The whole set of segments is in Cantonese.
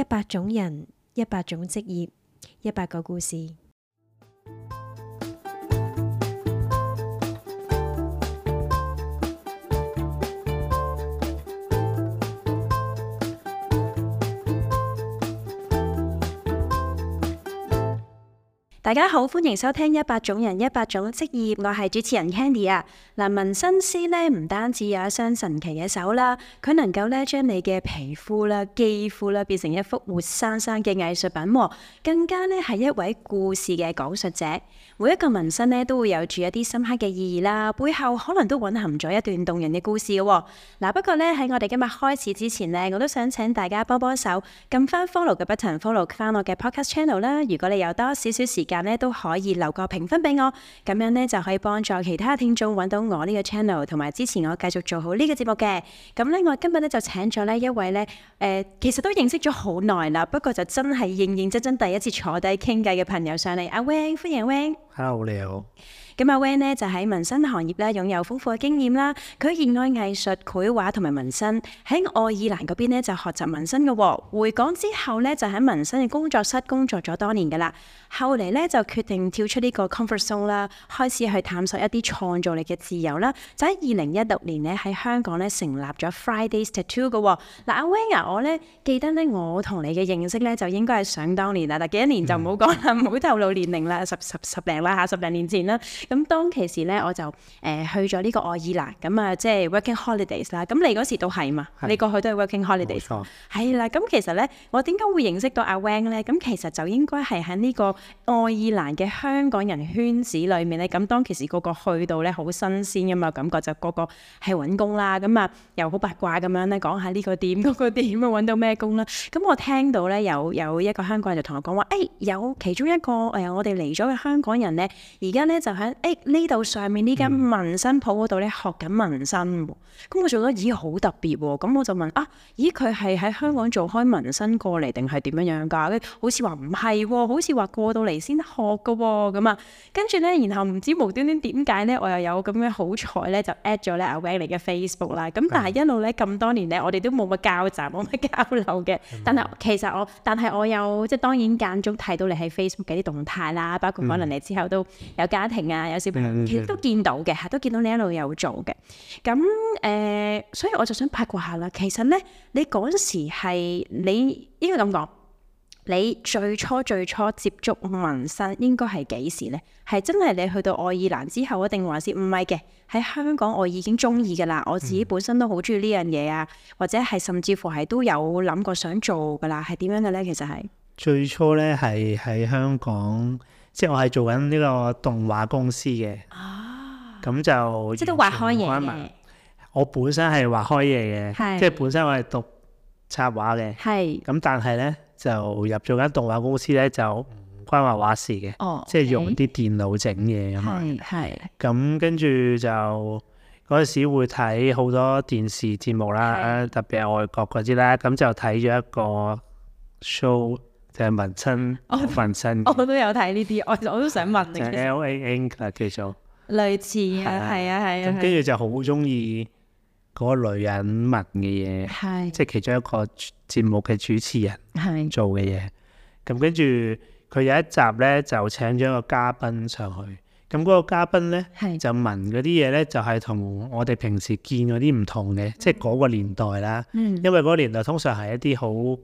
一百種人，一百種職業，一百個故事。大家好，歡迎收聽一百種人、一百種職業，我係主持人 Candy 啊。嗱、呃，紋身師呢，唔單止有一雙神奇嘅手啦，佢能夠呢將你嘅皮膚啦、肌膚啦變成一幅活生生嘅藝術品，哦，更加呢，係一位故事嘅講述者。每一個紋身呢，都會有住一啲深刻嘅意義啦，背後可能都蘊含咗一段動人嘅故事嘅，啊。嗱、呃，不過呢，喺我哋今日開始之前呢，我都想請大家幫幫手撳翻 Follow 嘅 button，Follow 翻我嘅 Podcast Channel 啦。如果你有多少少時，間咧都可以留個評分俾我，咁樣呢就可以幫助其他聽眾揾到我呢個 channel，同埋支持我繼續做好呢個節目嘅。咁呢，我今日呢就請咗呢一位呢，誒、呃、其實都認識咗好耐啦，不過就真係認認真真第一次坐低傾偈嘅朋友上嚟，阿 Wang 歡迎 Wang。hello 你好。咁阿 Wang 呢就喺紋身行業呢擁有豐富嘅經驗啦。佢熱愛藝術、繪畫同埋紋身，喺愛爾蘭嗰邊呢就學習紋身嘅喎。回港之後呢，就喺紋身嘅工作室工作咗多年噶啦。後嚟呢，就決定跳出呢個 comfort zone 啦，開始去探索一啲創造力嘅自由啦。就喺二零一六年呢，喺香港呢成立咗 Friday's Tattoo 嘅喎。嗱阿 Wang 啊，我呢記得呢，我同你嘅認識呢，就應該係想當年啊，嗱幾多年就唔好講啦，唔好透露年齡啦，十十十零啦嚇，十零年前啦。咁當其時咧，我就誒去咗呢個愛爾蘭，咁啊，即係 Working Holidays 啦。咁你嗰時都係嘛，是你過去都係 Working Holidays 錯。係啦，咁其實咧，我點解會認識到阿 Wang 咧？咁其實就應該係喺呢個愛爾蘭嘅香港人圈子裏面咧。咁當其時個個去到咧，好新鮮噶嘛，感覺就、那個個係揾工啦，咁啊又好八卦咁、那個、樣咧，講下呢個點嗰個點啊，揾到咩工啦。咁我聽到咧有有一個香港人就同我講話，誒、欸、有其中一個誒我哋嚟咗嘅香港人咧，而家咧就喺。誒呢度上面呢間紋身鋪嗰度咧學緊紋身，咁、嗯、我做咗，咦，好特別喎、啊，咁我就問，啊咦，佢係喺香港做開紋身過嚟定係點樣樣㗎？好似話唔係喎，好似話過到嚟先學嘅喎，咁啊，跟住咧，然後唔知無端端點解咧，我又有咁樣好彩咧，就 add 咗咧阿 Wang 嚟嘅 Facebook 啦。咁但係一路咧咁多年咧，我哋都冇乜交集，冇乜交流嘅。的但係其實我，但係我有，我有即係當然間中睇到你喺 Facebook 嘅啲動態啦，包括可能你之後都有家庭啊。啊有小朋友，其實都見到嘅，吓都見到你一路有做嘅。咁誒、呃，所以我就想八卦下啦。其實咧，你嗰時係你應該咁講，你最初最初接觸紋身應該係幾時咧？係真係你去到愛爾蘭之後，定還是唔係嘅？喺香港我已經中意噶啦，我自己本身都好中意呢樣嘢啊，或者係甚至乎係都有諗過想做噶啦，係點樣嘅咧？其實係最初咧，係喺香港。即係我係做緊呢個動畫公司嘅，咁、啊、就即係都畫開嘢，我本身係畫開嘢嘅，是即係本身我係讀插畫嘅。咁是但係咧就入咗間動畫公司咧就唔關畫畫事嘅，哦、okay，即係用啲電腦整嘢咁。咁跟住就嗰陣、那個、時會睇好多電視節目啦，是特別係外國嗰啲啦。咁就睇咗一個 show。就係問親問親，我，我都有睇呢啲，我我都想問你。就 L A N 啊，叫做類似啊，係啊，係、啊。咁跟住就好中意嗰個女人問嘅嘢，係即係其中一個節目嘅主持人係做嘅嘢。咁跟住佢有一集咧，就請咗一個嘉賓上去。咁、那、嗰個嘉賓咧，是就問嗰啲嘢咧，就係同我哋平時見嗰啲唔同嘅，即係嗰個年代啦。嗯，因為嗰個年代通常係一啲好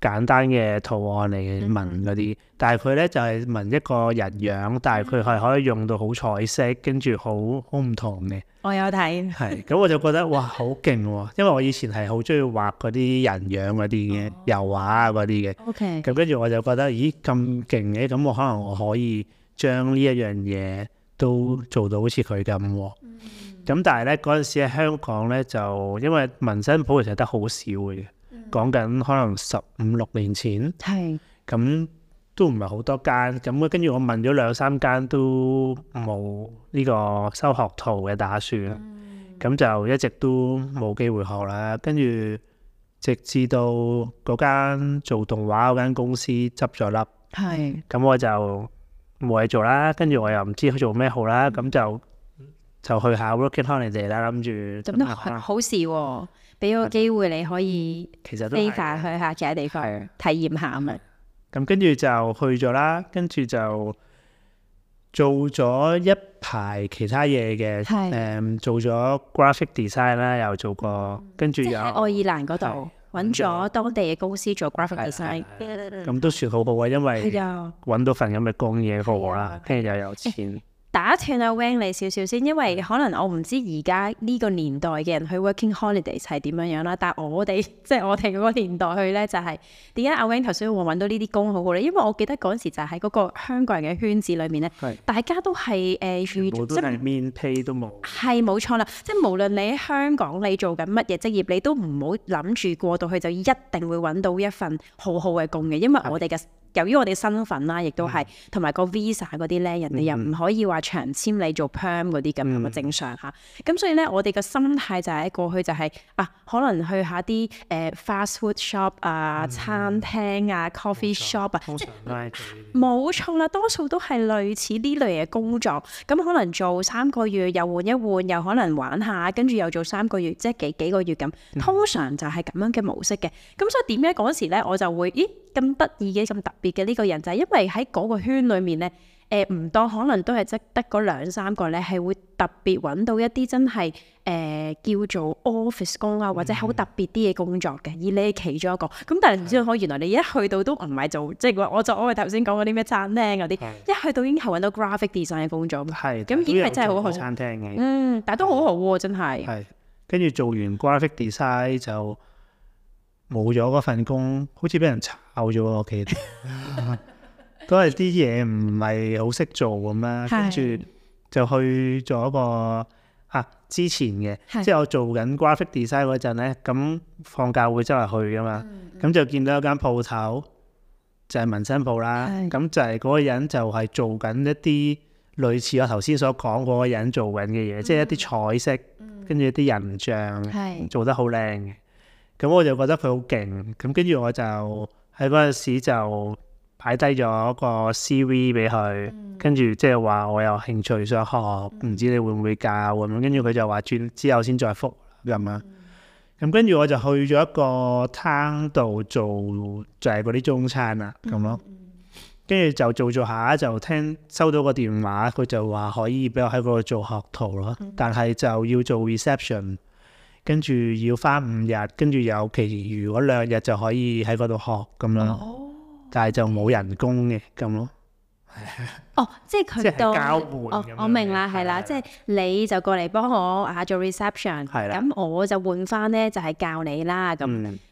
簡單嘅圖案嚟紋嗰啲，但係佢咧就係、是、紋一個人樣，但係佢係可以用到好彩色，跟住好好唔同嘅。我有睇，係 咁我就覺得哇好勁喎！因為我以前係好中意畫嗰啲人樣嗰啲嘅油畫啊嗰啲嘅。O K、哦。咁跟住我就覺得咦咁勁嘅，咁我可能我可以將呢一樣嘢都做到好似佢咁喎。咁、嗯嗯、但係咧嗰陣時喺香港咧，就因為紋身鋪其實得好少嘅。講緊可能十五六年前，咁都唔係好多間，咁跟住我問咗兩三間都冇呢個收學徒嘅打算，咁就一直都冇機會學啦。跟住直至到嗰間做動畫嗰間公司執咗笠，咁我就冇嘢做啦。跟住我又唔知去做咩好啦，咁就就去下 working holiday 啦，諗住咁都係好事喎。俾個機會你可以飛曬、嗯、去下其他地方的體驗下嘛。咁的樣、嗯、跟住就去咗啦，跟住就做咗一排其他嘢嘅，誒的、嗯、做咗 graphic design 啦，又做過，跟住又喺愛爾蘭嗰度搵咗當地嘅公司做 graphic design 的。咁都算好好啊，因為搵到份咁嘅工嘢過啦，聽日又有錢。 打斷阿 Wang 你少少先，因為可能我唔知而家呢個年代嘅人去 working holidays 係點樣樣啦。但係我哋即係我哋嗰個年代去咧、就是，就係點解阿 Wang 頭先會揾到呢啲工好好咧？因為我記得嗰時就喺嗰個香港人嘅圈子裏面咧，是大家都係誒預即係面 pay 都冇，係冇錯啦。即係無論你喺香港你做緊乜嘢職業，你都唔好諗住過到去就一定會揾到一份好好嘅工嘅，因為我哋嘅。由於我哋身份啦，亦都係同埋個 visa 嗰啲咧，嗯、人哋又唔可以話長簽你做 perm 嗰啲咁咁正常吓。咁、嗯、所以咧，我哋個心態就係、是、過去就係、是、啊，可能去下啲誒、呃、fast food shop 啊、餐廳啊、嗯、coffee shop 啊，冇錯啦，多數都係類似呢類嘅工作。咁、嗯嗯嗯、可能做三個月又換一換，又可能玩下，跟住又做三個月，即、就、係、是、幾幾個月咁。通常就係咁樣嘅模式嘅。咁所以點解嗰時咧，我就會咦？嗯嗯咁得意嘅咁特別嘅呢個人就係，因為喺嗰個圈裏面呢，誒唔多可能都係得得嗰兩三個呢，係會特別揾到一啲真係誒、呃、叫做 office 工啊，或者好特別啲嘅工作嘅，而你係其中一個。咁但係唔知可以。原來你一去到都唔係做，是即係我就我係頭先講嗰啲咩餐廳嗰啲，是一去到已經係揾到 graphic design 嘅工作。咁的已經係真係好學餐廳嘅。嗯，但係都好好、啊、喎，真係。係，跟住做完 graphic design 就。冇咗嗰份工，好似俾人炒咗我企 得。都係啲嘢唔係好識做咁啦，跟住就去咗個啊之前嘅，即係我做緊 graphic design 嗰陣咧，咁放假會周圍去噶嘛，咁、嗯嗯嗯、就見到有一間鋪頭，就係、是、紋身鋪啦。咁是就係嗰個人就係做緊一啲類似我頭先所講嗰個人做緊嘅嘢，嗯、即係一啲彩色，跟住啲人像、嗯嗯、做得好靚嘅。咁我就覺得佢好勁，咁跟住我就喺嗰陣時就擺低咗一個 CV 俾佢，跟住即係話我有興趣想學，唔知你會唔會教咁樣，樣？跟住佢就話轉之後先再覆咁啊。咁跟住我就去咗一個廳度做就係嗰啲中餐啦咁咯。跟住、嗯、就做做下就聽收到個電話，佢就話可以俾我喺嗰度做學徒咯，但係就要做 reception。跟住要返五日，跟住有其餘嗰兩日就可以喺嗰度學咁咯。但係就冇人工嘅咁咯。係啊。哦，即係佢即係交換。我明啦，係啦，即係你就過嚟幫我啊做 reception。係啦。咁我就換返咧，就係教你啦。咁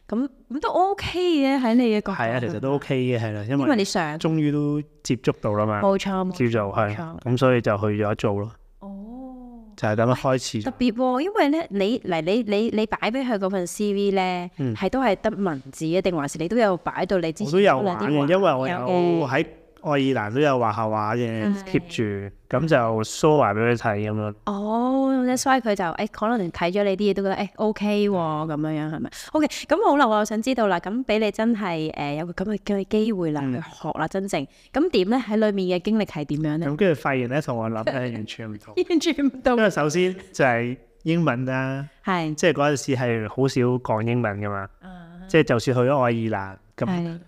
咁咁都 OK 嘅喺你嘅角度。係啊，其實都 OK 嘅係啦，因為因為你上終於都接觸到啦嘛。冇錯，叫做係。咁所以就去咗做咯。哦。就係咁樣開始，哎。特別喎、啊，因為咧，你嚟你你你擺俾佢嗰份 CV 咧，係、嗯、都係得文字嘅，定還是你都有擺到你自己？我都有玩嘅，因為我有喺愛爾蘭都有畫下畫嘅 keep 住，咁就 show 埋俾佢睇咁樣。哦，所以佢就誒，可能睇咗你啲嘢都覺得誒 O K 咁樣樣係咪？O K，咁好啦，我想知道啦，咁俾你真係誒有個咁嘅機機會啦，去學啦，真正咁點咧？喺裡面嘅經歷係點樣咧？咁跟住發現咧，同我諗咧完全唔同，完全唔同。因為首先就係英文啦，係即係嗰陣時係好少講英文㗎嘛，即係就算去咗愛爾蘭咁。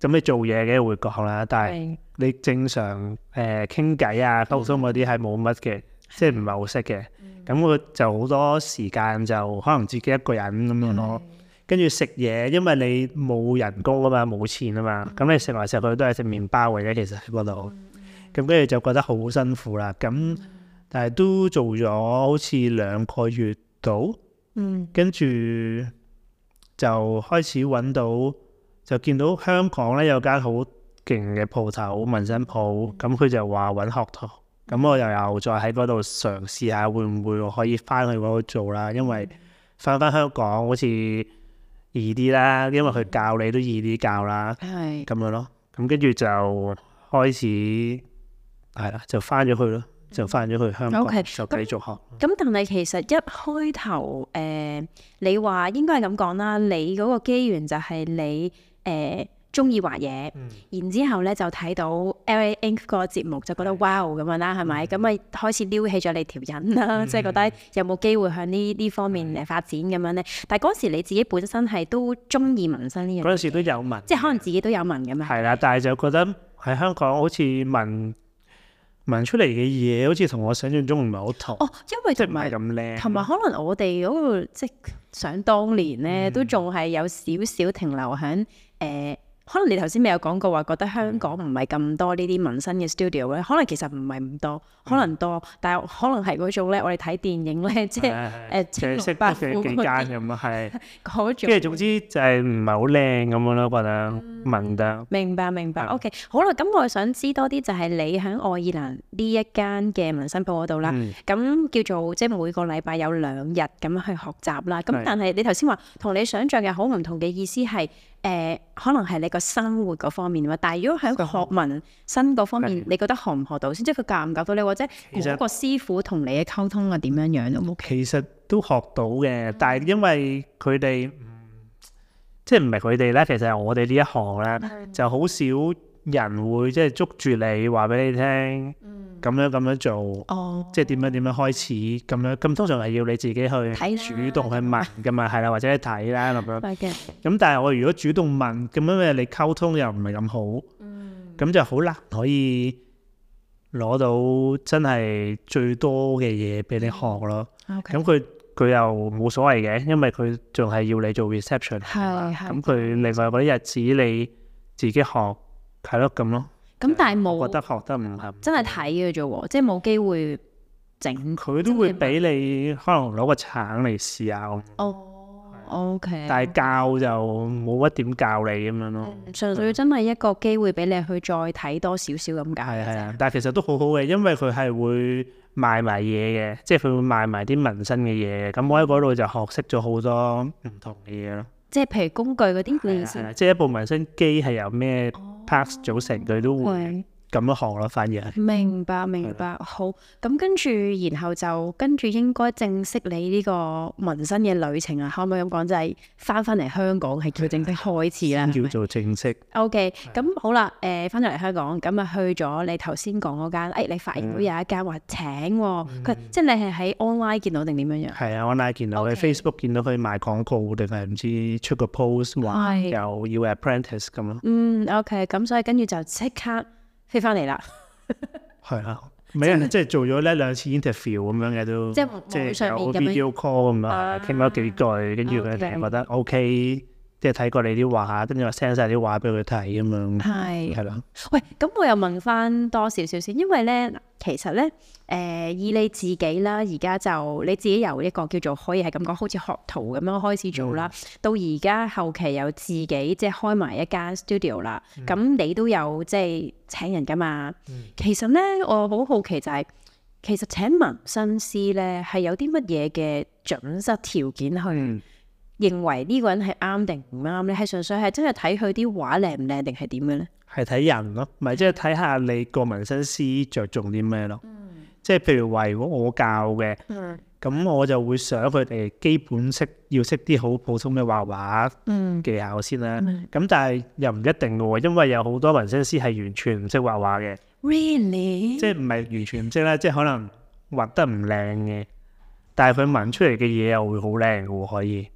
咁你做嘢嘅會講啦，但係你正常誒傾偈啊溝、嗯、通嗰啲係冇乜嘅，嗯、即係唔係好識嘅。咁、嗯、我就好多時間就可能自己一個人咁樣咯。跟住食嘢，因為你冇人工啊嘛，冇錢啊嘛，咁、嗯、你食嚟食去都係食麪包嘅啫，其實喺嗰度。咁跟住就覺得好辛苦啦。咁但係都做咗好似兩個月到，嗯嗯、跟住就開始揾到。就見到香港咧有間好勁嘅鋪頭紋身鋪，咁佢就話揾學徒，咁我又又再喺嗰度嘗試下，會唔會可以翻去嗰度做啦？因為翻返香港好似易啲啦，因為佢教你都易啲教啦，係咁樣咯。咁跟住就開始係啦，就翻咗去咯，就翻咗去香港，就繼續學。咁但係其實一開頭誒，你話應該係咁講啦，你嗰個機緣就係你。誒中意畫嘢，嗯、然之後咧就睇到 LA Ink 個節目，就覺得 wow 咁、哦嗯、樣啦，係咪？咁咪開始撩起咗你條癮啦，嗯、即係覺得有冇機會向呢呢方面嚟發展咁樣咧？嗯、但係嗰時你自己本身係都中意紋身呢樣，嗰陣時都有紋，即係可能自己都有紋嘅嘛。係啦，但係就覺得喺香港好似紋。紋出嚟嘅嘢好似同我想像中唔係好同。哦，因為即唔係咁靚，同埋可能我哋嗰個即想當年咧，都仲係有少少停留響誒。呃可能你頭先未有講過話，覺得香港唔係咁多呢啲紋身嘅 studio 咧。可能其實唔係唔多，可能多，但係可能係嗰種咧，我哋睇電影咧，即係誒，即係六百幾間咁啊，係嗰種。跟住總之就係唔係好靚咁樣咯，覺得紋得。明白明白，OK，好啦，咁我係想知多啲，就係你喺愛爾蘭呢一間嘅紋身鋪嗰度啦，咁叫做即係每個禮拜有兩日咁樣去學習啦。咁但係你頭先話同你想象嘅好唔同嘅意思係。誒、呃，可能係你個生活嗰方面嘛，但係如果喺學紋身嗰方面，方面的你覺得學唔學到先？即係佢教唔教到你，或者嗰個師傅同你嘅溝通啊，點樣樣都冇。好好其實都學到嘅，但係因為佢哋，嗯、即係唔係佢哋咧？其實係我哋呢一行咧，嗯、就好少。人會即係捉住你話俾你聽，咁樣咁樣做，哦、即係點樣點樣開始咁樣。咁通常係要你自己去主動去、啊、問㗎嘛，係啦， 或者睇啦咁樣。咁 但係我如果主動問咁樣，你溝通又唔係咁好，咁、嗯、就好難可以攞到真係最多嘅嘢俾你學咯。咁佢佢又冇所謂嘅，因為佢仲係要你做 reception 的。係咁，佢另外嗰啲日子你自己學。係咯，咁咯。咁但係冇，覺得學得唔係真係睇嘅啫喎，即係冇機會整。佢都會俾你可能攞個橙嚟試下咁。哦，OK。但係教就冇乜點教你咁樣咯。純粹真係一個機會俾你去再睇多少少咁解。係啊，係啊。但係其實都好好嘅，因為佢係會賣埋嘢嘅，即係佢會賣埋啲紋身嘅嘢。咁我喺嗰度就學識咗好多唔同嘅嘢咯。即係譬如工具嗰啲，即係一部紋身機係由咩 pass 組成，佢都會。Oh. 咁一行咯，反而。明白，明白。好，咁跟住，然後就跟住應該正式你呢個紋身嘅旅程啊，可唔可以咁講，就係翻返嚟香港係叫正式開始啦。叫做正式。O K，咁好啦，誒、呃，翻咗嚟香港，咁啊去咗你頭先講嗰間，你發現到有一間話請、哦，佢、嗯、即係你係喺 online 見到定點樣樣？係啊，online 見到，你 Okay, Facebook 見到佢賣廣告定係唔知出個 post 話又要 apprentice 咁咯是。嗯，O K，咁所以跟住就即刻。飛翻嚟啦，係 啦、啊，咩的即係做咗呢兩次 interview 咁樣嘅都，即係即係有 video call 咁啊，傾咗幾句，跟住佢哋覺得 OK。Okay. 即係睇過你啲畫，跟住又 send 晒啲畫俾佢睇咁樣，係係咯吧？喂，咁我又問翻多少少先，因為咧，其實咧，誒、呃，以你自己啦，而家就你自己由一個叫做可以係咁講，好似學徒咁樣開始做啦，mm hmm. 到而家後期有自己即係開埋一間 studio 啦。咁、mm hmm. 你都有即係請人噶嘛？Mm hmm. 其實咧，我好好奇就係、是，其實請紋身師咧，係有啲乜嘢嘅準則條件去？認為呢個人係啱定唔啱咧，係純粹係真係睇佢啲畫靚唔靚，定係點嘅咧？係睇人咯，咪即係睇下你個紋身師着重啲咩咯？即係譬如話，如果我教嘅咁，我就會想佢哋基本識要識啲好普通嘅畫畫技巧先啦。咁但係又唔一定嘅喎，因為有好多紋身師係完全唔識畫畫嘅，really 即係唔係完全唔識啦，即係可能畫得唔靚嘅，但係佢紋出嚟嘅嘢又會好靚嘅喎，可以。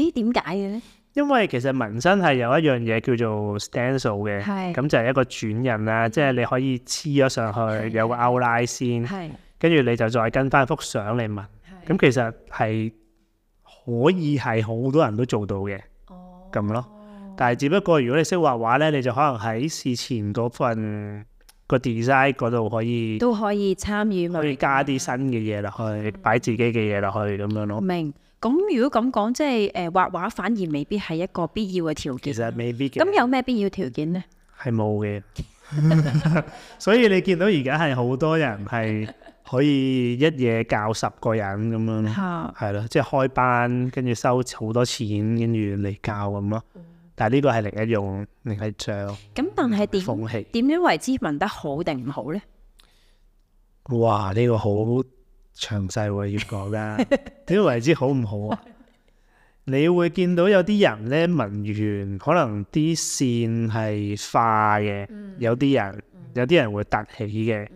誒，點解嘅咧？因為其實紋身係有一樣嘢叫做 stencil 嘅，咁就係一個轉印啦，即係你可以黐咗上去，有個 outline 先，跟住你就再跟翻幅相嚟紋。咁其實係可以係好多人都做到嘅，咁咯。但係只不過如果你識畫畫咧，你就可能喺事前嗰份個 design 嗰度可以都可以參與，可以加啲新嘅嘢落去，擺自己嘅嘢落去咁樣咯。明。咁如果咁講，即係誒、呃、畫畫反而未必係一個必要嘅條件。其實未必。咁有咩必要條件呢？係冇嘅。 所以你見到而家係好多人係可以一夜教十個人咁樣咯。係咯， 即係開班跟住收好多錢，跟住嚟教咁咯。嗯、但係呢個係另一，用另一用樣，另一樣。咁但係點點點樣為之紋得好定唔好呢？哇！呢、呢個好～詳細會要講噶，點為之好唔好啊？ 你會見到有啲人咧，紋完可能啲綫係化嘅、嗯，有啲人有啲人會凸起嘅，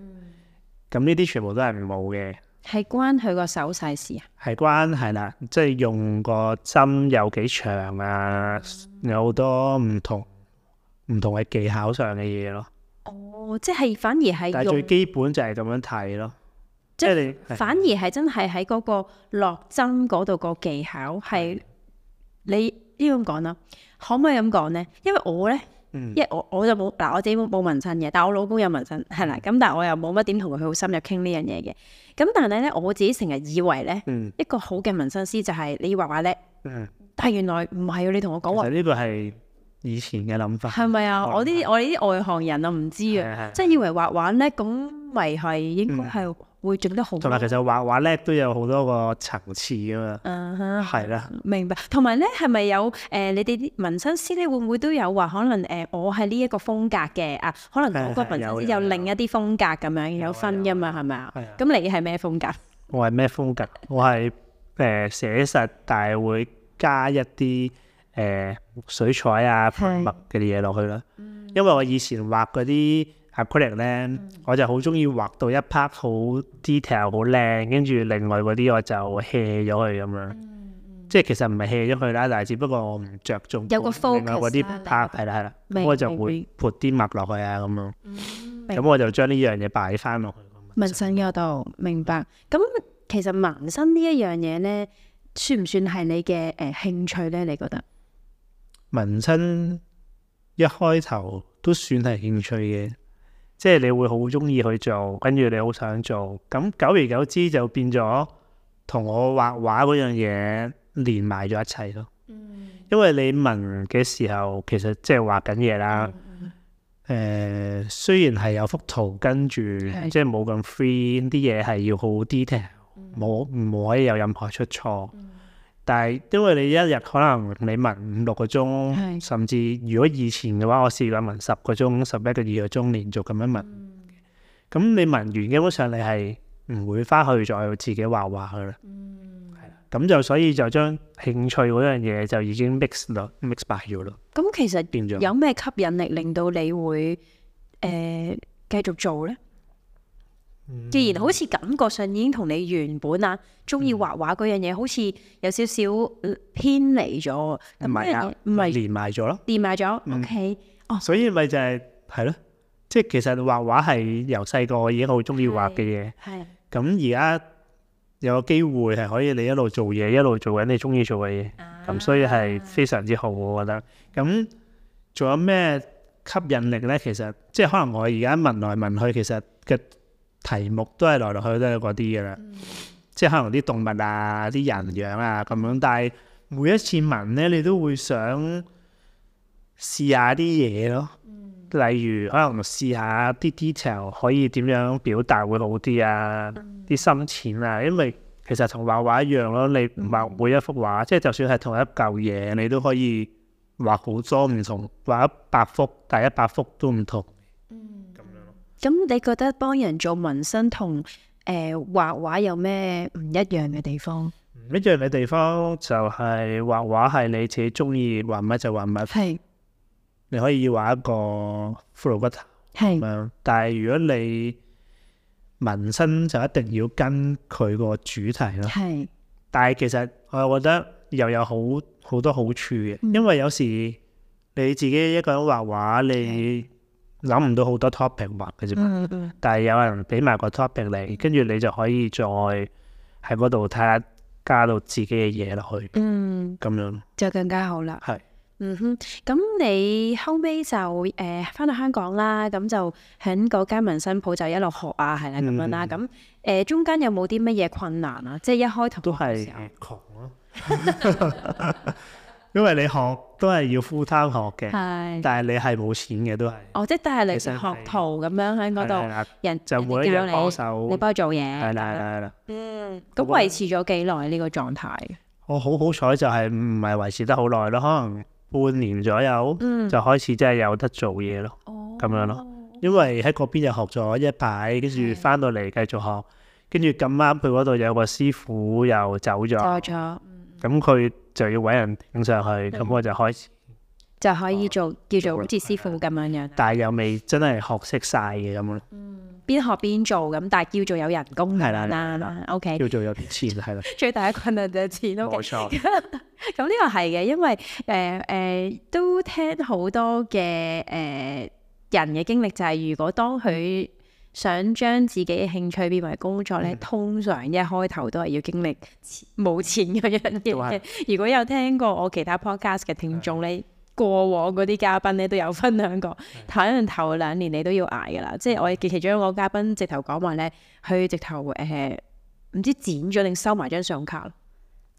咁呢啲全部都係冇嘅，係關佢個手勢事啊？係關係啦，即係用個針有幾長啊，嗯、有好多唔同唔同嘅技巧上嘅嘢咯。哦，即係反而係，但係最基本就係咁樣睇咯。即係反而係真係喺嗰個落針嗰度個技巧係你呢樣講啦？可唔可以咁講咧？因為我咧，因為、嗯、我我就冇嗱，我自己冇紋身嘅，但係我老公有紋身係啦。咁但係我又冇乜點同佢好深入傾呢樣嘢嘅。咁但係咧，我自己成日以為咧，一個好嘅紋身師就係你畫畫叻。嗯嗯、但係原來唔係啊！你同我講話，呢個係以前嘅諗法。係咪啊？我啲我哋啲外行人啊，唔知啊，即係真係以為畫畫咧，咁咪係應該係、嗯。會整得好。同埋其實畫畫咧都有好多個層次㗎嘛。嗯哼，係啦。明白。同埋咧，係咪有誒，你哋啲紋身師咧，會唔會都有話，可能誒，我係呢一個風格嘅啊。係啊。可能嗰個紋身師有另一啲風格咁樣，有分㗎嘛？係咪啊？係啊。咁你係咩風格？我係咩風格？我係誒寫實，但係會加一啲誒水彩啊、水墨嘅嘢落去啦。嗯。因為我以前畫嗰啲，畫作咧，嗯、我就好中意畫到一 part 好 detail 好靚，跟住另外嗰啲我就卸咗佢咁樣。嗯嗯、即係其實唔係卸咗佢啦，但係只不過我唔着重，有個 focus 另外嗰啲 part 係啦，係啦，我就會潑啲墨落去啊咁樣。咁我就將呢樣嘢擺翻落去。紋身嗰度明白。咁白其實紋身呢一樣嘢咧，算唔算係你嘅誒、呃、興趣咧？你覺得？紋身一開頭都算係興趣嘅。即係你會好中意去做，跟住你好想做，咁久而久之就變咗同我畫畫嗰樣嘢連埋咗一齊咯。因為你紋嘅時候其實即係畫緊嘢啦。誒、呃，雖然係有幅圖，跟住即係冇咁 free，啲嘢係要好 detail，冇，唔可以有任何出錯。但係，因為你一日可能你紋五六個鐘，是甚至如果以前嘅話，我試過紋十個鐘、十一個、二個鐘連續咁樣紋。咁、嗯、你紋完，基本上你係唔會翻去再自己畫畫噶啦。係咁、嗯、就所以就將興趣嗰樣嘢就已經 mix 到 mix by 咗啦。咁、嗯、其實有咩吸引力令到你會誒、呃、繼續做呢？既然好似感覺上已經同你原本啊中意畫畫嗰樣嘢，好似有少少偏離咗，同埋唔係連埋咗咯，連埋咗。OK，哦，所以咪就係係咯，即係其實畫畫係由細個已經好中意畫嘅嘢。係。咁而家有個機會係可以你一路做嘢一路做緊你中意做嘅嘢，咁所以係非常之好，我覺得。咁仲有咩吸引力咧？其實即係可能我而家問來問去，其實嘅。題目都係來來去去都係嗰啲嘅啦，嗯、即係可能啲動物啊、啲人樣啊咁樣，但係每一次問咧，你都會想試下啲嘢咯。嗯、例如可能試下啲 detail 可以點樣表達會好啲啊，啲、嗯、深淺啊，因為其實同畫畫一樣咯，你畫每一幅畫，即係、嗯、就，就算係同一嚿嘢，你都可以畫好多唔同，畫一百幅，但係一百幅都唔同。咁你覺得幫人做紋身同誒畫畫有咩唔一樣嘅地方？唔一樣嘅地方就係畫畫係你自己中意畫乜就畫乜，係是你可以畫一個骷髏骨頭，係咁樣。但係如果你紋身就一定要跟佢個主題咯，係是。但係其實我又覺得又有好好多好處嘅，嗯、因為有時你自己一個人畫畫你。諗唔到好多 topic 畫嘅啫，嗯、但係有人俾埋個 topic 你，跟住你就可以再喺嗰度睇下加到自己嘅嘢落去，嗯，咁樣就更加好啦。係是，嗯哼，咁你後尾就誒翻、呃、到香港啦，咁就喺嗰間民生鋪就一路學啊，係啦咁樣啦。咁誒、嗯呃、中間有冇啲乜嘢困難啊？即係一開頭都係窮咯。因為你學都係要 full time 學嘅，但係你係冇錢嘅都係。哦，即係你學徒咁樣喺嗰度，人就每一日幫手，你幫做嘢。係啦，係啦，嗯，咁維持咗幾耐呢個狀態？我好好彩就係唔係維持得好耐咯，可能半年左右，就開始真係有得做嘢咯。哦，咁樣咯，因為喺嗰邊又學咗一排，跟住翻到嚟繼續學，跟住咁啱佢嗰度有個師傅又走咗，咁佢。就要搵人頂上去，咁吧我就開始就可以做叫做好似師傅咁樣樣，嗯、但係又未真係學識晒嘅咁咯。嗯，邊學邊做咁，但係叫做有人工係啦。O okay , K，叫做有錢係啦， 最大嘅困難就係錢。O、okay、冇錯。咁呢 個係嘅，因為誒誒、呃呃、都聽好多嘅誒人嘅經歷，就係、是、如果當佢。嗯想將自己嘅興趣變為工作咧，通常一開頭都係要經歷冇錢嗰樣嘢。 如果有聽過我其他 Podcast 嘅聽眾咧，的過往嗰啲嘉賓咧都有分享過，睇一的頭兩年你都要捱噶啦。的即係我哋其中一個嘉賓直，直頭講話咧，佢直頭誒唔知剪咗定收埋張相卡。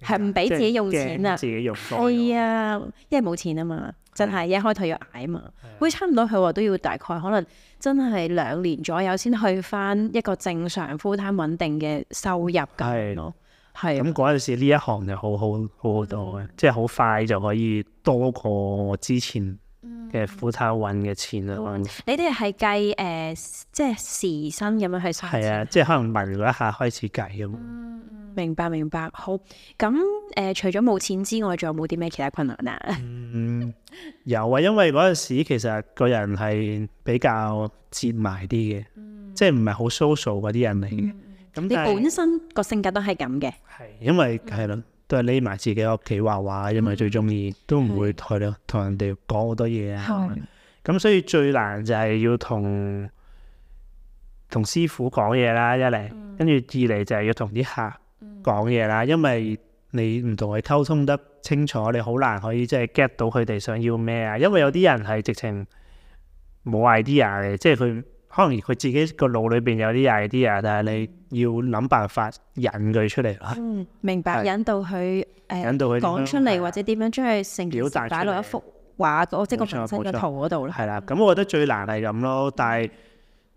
係唔俾自己用錢啊！自己用？係啊，oh、yeah，因為冇錢啊嘛，真係一開頭要捱啊嘛。會的差唔多，佢話都要大概可能真係兩年左右先去翻一個正常 full time 穩定嘅收入咁咯。係的。咁嗰陣時呢一行就好好好好多嘅，即係好快就可以多過之前。嘅苦差揾嘅錢啊、嗯、你哋係計誒、呃、即係時薪咁樣去收錢，係啊，即係可能問嗰一下開始計咁、嗯。明白明白，好咁誒、呃，除咗冇錢之外，仲有冇啲咩其他困難啊、 嗯？有啊，因為嗰陣時其實個人係比較折埋啲嘅，嗯、即係唔係好 social 嗰啲人嚟嘅。咁、嗯、你本身個性格都係咁嘅，係因為係咯。嗯都係匿埋自己屋企畫畫，因為最中意，嗯、都唔會同佢同人哋講好多嘢啊。咁的所以最難就係要同同師傅講嘢啦，一嚟，嗯、跟住二嚟就係要同啲客講嘢啦。嗯、因為你唔同佢溝通得清楚，你好難可以即係 get 到佢哋想要咩啊。因為有啲人係直情冇 idea 嘅，即係佢。可能佢自己個腦裏邊有啲 idea，但係你要諗辦法引佢出嚟。嗯，明白，引導佢，誒，引導佢講出嚟，或者點樣將佢成件事擺落一幅畫即係個紋身嘅圖嗰度啦。係啦，咁我覺得最難係咁咯。但係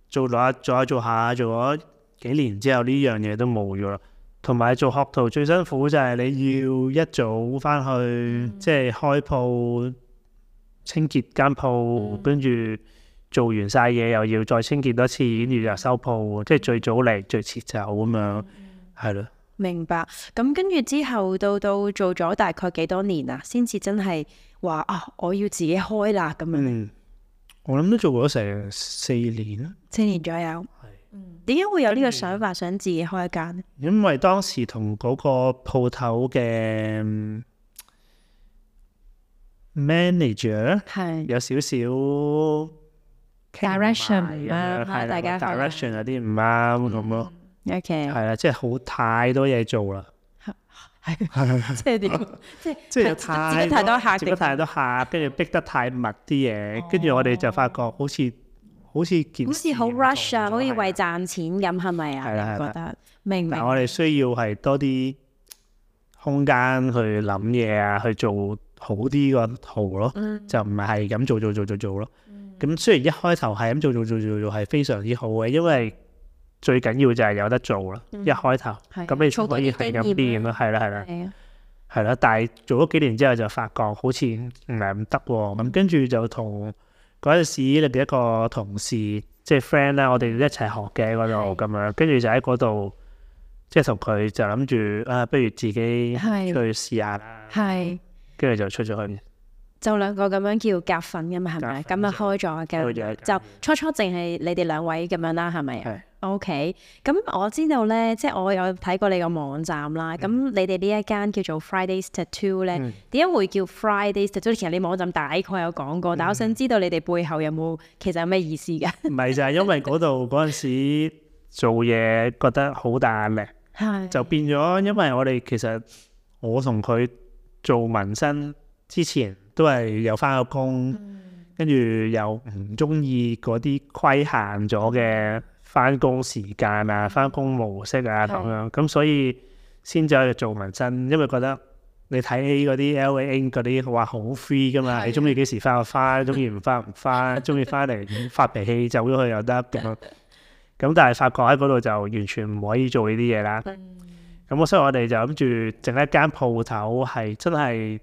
做落做下做下，做咗幾年之後，呢樣嘢都冇咗啦。同埋做學徒最辛苦就係你要一早翻去即係、嗯、開鋪、清潔間鋪，跟住、嗯。做完晒嘢又要再清潔多次，跟住又收鋪，即係最早嚟最遲走咁樣，係咯、嗯。的明白。咁跟住之後到到做咗大概幾多年啊？先至真係話啊，我要自己開啦咁樣。我諗都做咗成四年啦，四年左右。係的。點解會有呢個想法、嗯、想自己開間？因為當時同嗰個鋪頭嘅 manager 係有少少，direction 啊，係啦，direction 有啲唔啱咁咯。O.K. 係啦，即係好太多嘢做啦。係係係，即係點？即係即係太多客，太多客，跟住逼得太密啲嘢，跟住我哋就發覺好似好似好似好 rush 啊，好似為賺錢咁，係咪啊？覺得明唔明？我哋需要係多啲空間去諗嘢啊，去做好啲個圖咯，就唔係咁做做做做做咯。咁雖然一開頭係咁做做做做做係非常之好嘅，因為最緊要就係有得做啦。嗯、一開頭咁你先可以喺入邊咁咯，係啦係啦，係啦。但係做咗幾年之後就發覺好似唔係咁得喎。咁、嗯、跟住就同嗰陣時你哋一個同事即係、就是、friend 咧，我哋一齊學嘅嗰度咁樣，就是、跟住就喺嗰度即係同佢就諗住啊，不如自己出去試下啦。係跟住就出咗去。就兩個咁樣叫夾份㗎嘛，係咪？咁啊開咗嘅就初初淨係你哋兩位咁樣啦，係咪？OK，咁我知道呢，即係我有睇過你個網站啦。咁你哋呢一間叫做 Friday's Tattoo 咧，點解會叫 Friday's Tattoo？其實你網站大概有講過，但我想知道你哋背後有冇其實有咩意思㗎？唔係就係因為嗰度嗰陣時做嘢覺得好大壓力，就變咗。因為我哋其實我同佢做紋身之前。都係又翻個工，跟住又唔中意嗰啲規限咗嘅翻工時間啊、翻工模式啊咁樣，咁所以先至去做紋身，因為覺得你睇 A 嗰啲 L A N 嗰啲，話好 free 噶嘛，你中意幾時翻就翻，中意唔翻唔翻，中意翻嚟發脾氣走咗去又得咁樣。咁但係發覺喺嗰度就完全唔可以做呢啲嘢啦。咁所以我哋就諗住整一間鋪頭，係真係。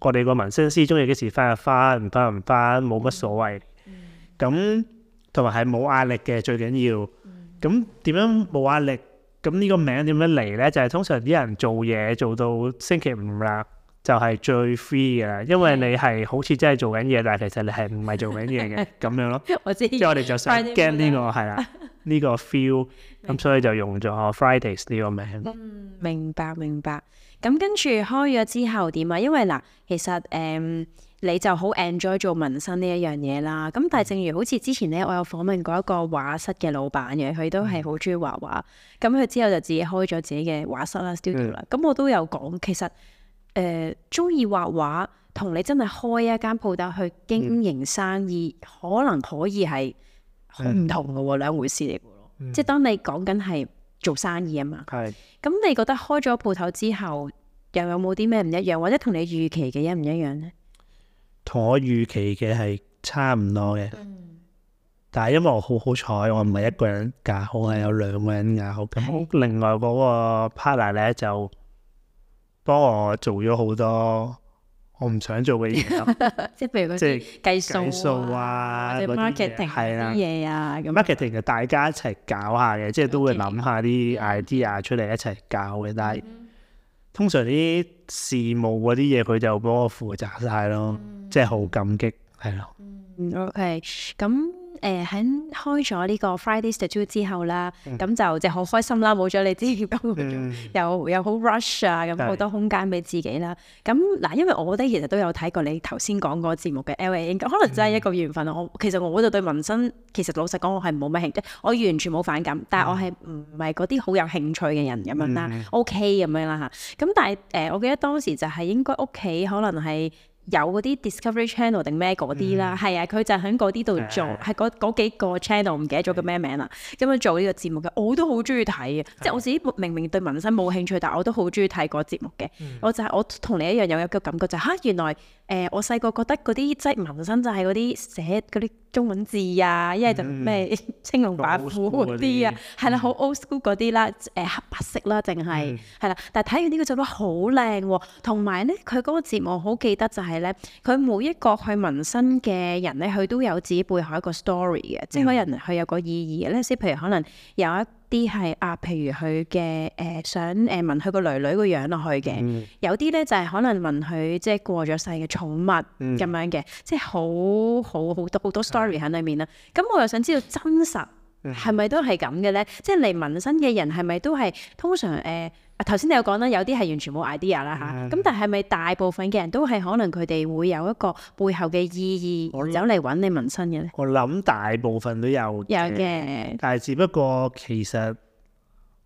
我哋個紋身師中意幾時返就返，唔返唔返，冇乜所謂。咁同埋係冇壓力嘅最緊要。咁點樣冇壓力？咁呢個名點樣嚟呢？就係通常啲人做嘢做到星期五啦，就係最 free 㗎啦。因為你係好似真係做緊嘢，但係其實你係唔係做緊嘢嘅咁樣咯。即係我哋就想 get 呢個係啦，呢個 feel。咁所以就用咗 Fridays 呢個名。嗯，明白明白。咁跟住開咗之後點啊？因為嗱，其實誒、嗯、你就好 enjoy 做紋身呢一樣嘢啦。咁但係正如好似之前咧，我有訪問過一個畫室嘅老闆嘅，佢都係好中意畫畫。咁佢、嗯、之後就自己開咗自己嘅畫室啦，studio 啦。咁我都有講，其實誒中意畫畫同你真係開一間鋪頭去經營生意，嗯、可能可以係好唔同嘅、嗯、兩回事嚟嘅、嗯、即係當你講緊係。做生意啊嘛，咁是你覺得開咗鋪頭之後又有冇啲咩唔一樣，或者同你預期嘅一唔一樣呢？同我預期嘅係差唔多嘅，嗯、但係因為我好好彩，我唔係一個人架好，我係、嗯、有兩個人架好，咁另外嗰個 partner 呢就幫我做咗好多。我唔想做嘅嘢，即係譬如嗰啲計數啊、嗰啲 marketing 啲嘢啊。marketing 其實大家一齊搞下嘅，即係都會諗下啲 idea 出嚟一齊搞嘅。但係通常啲事務嗰啲嘢，佢就幫我負責晒咯。即係好感激，係咯。嗯，OK，咁。誒喺、呃、開咗呢個 Friday Studio 之後啦，咁、嗯、就即就好開心啦，冇咗你之前又、嗯、又好 rush 啊，咁好多空間俾自己啦。咁嗱對，因為我覺得其實都有睇過你頭先講個節目嘅 LA，可能真係一個緣分、嗯、我其實我就對紋身，其實老實講我係冇咩興趣，我完全冇反感，但係我係唔係嗰啲好有興趣嘅人咁樣，嗯 okay、樣啦。OK 咁樣啦嚇。咁但係誒，我記得當時就係應該屋企可能係。有嗰啲 Discovery Channel 定咩嗰啲啦，係、嗯、啊，佢就喺嗰啲度做，係嗰嗰幾個 channel，唔記得咗個咩名啦，咁樣、啊、做呢個節目嘅，我都好中意睇嘅，啊、即係我自己明明對紋身冇興趣，但係我都好中意睇嗰個節目嘅、嗯就是，我就係我同你一樣有一個感覺就係、是、吓、啊、原來誒、呃、我細個覺得嗰啲即係紋身就係嗰啲寫嗰啲。中文字啊，一係就咩、嗯、 青龍白百虎嗰啲啊，係啦、嗯，好 old school 嗰啲啦，誒、呃、黑白色啦，淨係係啦，但係睇完個做、哦、呢個做得好靚喎，同埋咧佢嗰個節目好記得就係、是、咧，佢每一個去紋身嘅人咧，佢都有自己背後一個 story 嘅，即係可能佢有個意義咧，即譬如可能有一。啲係啊，譬如佢嘅誒想誒紋佢個女女個樣落去嘅，嗯、有啲咧就係、是、可能紋佢即係過咗世嘅寵物咁、嗯、樣嘅，即係好好好多好多 story 喺裡面啦。咁、嗯、我又想知道真實係咪都係咁嘅咧？嗯嗯、即係嚟紋身嘅人係咪都係通常誒？呃頭先你有講啦，有啲係完全冇 idea 啦嚇，咁 Okay. 但係咪大部分嘅人都係可能佢哋會有一個背後嘅意義我走嚟揾你紋身嘅呢？我諗大部分都有，有嘅的。但係只不過其實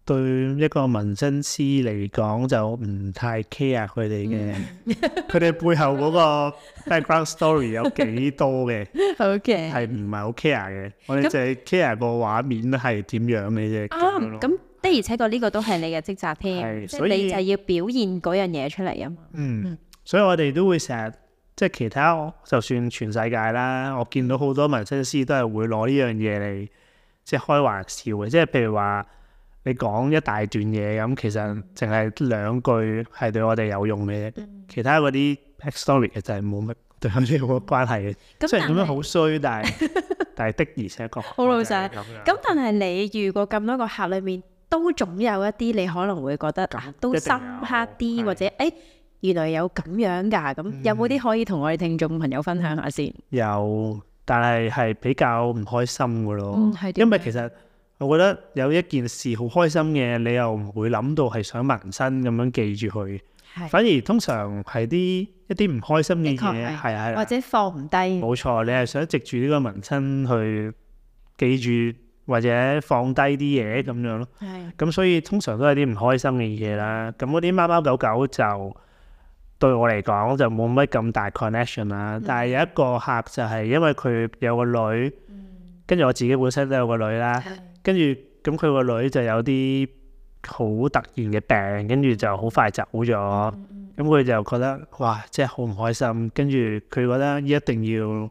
對一個紋身師嚟講就唔太 care 佢哋嘅，佢哋 背後嗰個 background story 有幾多嘅？Okay，係唔係好 care 嘅？我哋就係 care 個畫面係點樣嘅啫。咁那。啊即係而且個呢個都係你嘅職責添，即係你就要表現嗰樣嘢出嚟啊嘛。嗯，所以我哋都會成日即係其他，就算全世界啦，我見到好多紋身師都係會攞呢樣嘢嚟即係開玩笑嘅，即係譬如話你講一大段嘢咁，其實淨係兩句係對我哋有用嘅啫，其他嗰啲 backstory 就係冇乜對我哋冇關係嘅，雖然咁樣好衰，但係但係的而且確好老實。咁但係你遇過咁多個客裏面，都總有一啲你可能會覺得，啊、都深刻啲是或者誒、哎，原來有咁樣㗎，咁有冇啲可以同我哋聽眾朋友分享下先，嗯？有，但係係比較唔開心嘅咯。嗯、因為其實我覺得有一件事好開心嘅，你又唔會諗到係想紋身咁樣記住佢。是反而通常係啲一啲唔開心嘅嘢，係或者放唔低。冇錯，你係想藉住呢個紋身去記住。或者放低啲嘢咁樣咯，咁所以通常都係啲唔開心嘅嘢啦。咁嗰啲貓貓狗狗就對我嚟講就冇乜咁大 connection 啦。但係有一個客就係因為佢有個女，跟住我自己本身都有個女啦，跟住咁佢個女就有啲好突然嘅病，跟住就好快走咗。咁佢就覺得哇，真係好唔開心。跟住佢覺得一定要，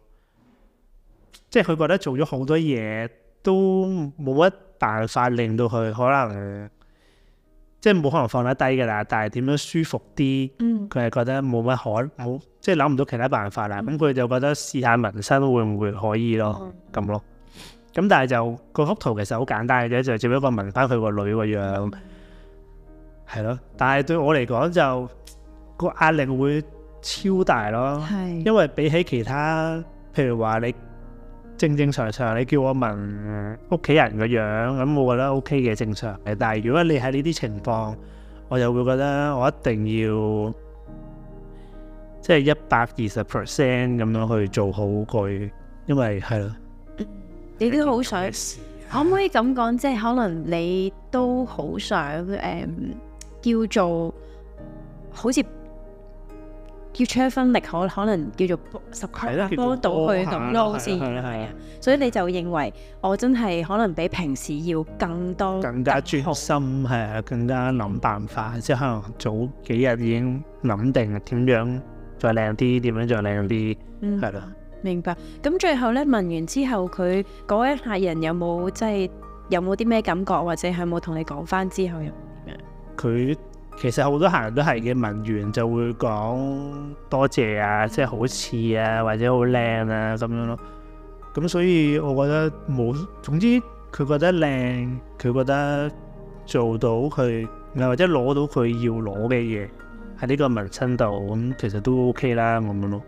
即係佢覺得做咗好多嘢。都冇乜辦法令到佢可能，呃、即係冇可能放得低噶啦。但係點樣舒服啲？佢係、嗯、覺得冇乜可冇，即係諗唔到其他辦法啦。咁佢、嗯、就覺得試下紋身會唔會可以咯？咁、嗯哦、咯。咁但係就嗰幅圖其實好簡單嘅啫，就只不過紋翻佢個女個樣，係、嗯、咯。但係對我嚟講就、個壓力會超大咯。是因為比起其他，譬如話你。正正常常，你叫我問屋企人個樣，咁我覺得 OK 嘅正常。但係如果你喺呢啲情況，我就會覺得我一定要即係一百二十 percent 咁樣去做好佢，因為係咯。你都好想，可唔可以咁講？即係可能你都好想誒，叫做好似。要出一分力，可可能叫做十倍幫到佢咁咯，先係啊。所以你就認為我真係可能比平時要更多、更加專心，係啊多，更加諗辦法，即係可能早幾日已經諗定點樣再靚啲，點樣再靚啲，係咯、嗯。的明白。咁最後咧問完之後，佢嗰一位客人有冇即係有冇啲咩感覺，或者係冇同你講返之後又點樣？佢。其實好多客人都係嘅，紋完就會講多謝,謝啊，即係好似啊，或者好靚啊咁樣咯。咁所以我覺得冇，總之佢覺得靚，佢覺得做到佢，或者攞到佢要攞嘅嘢喺呢個紋身度，咁其實都 OK 啦咁樣咯。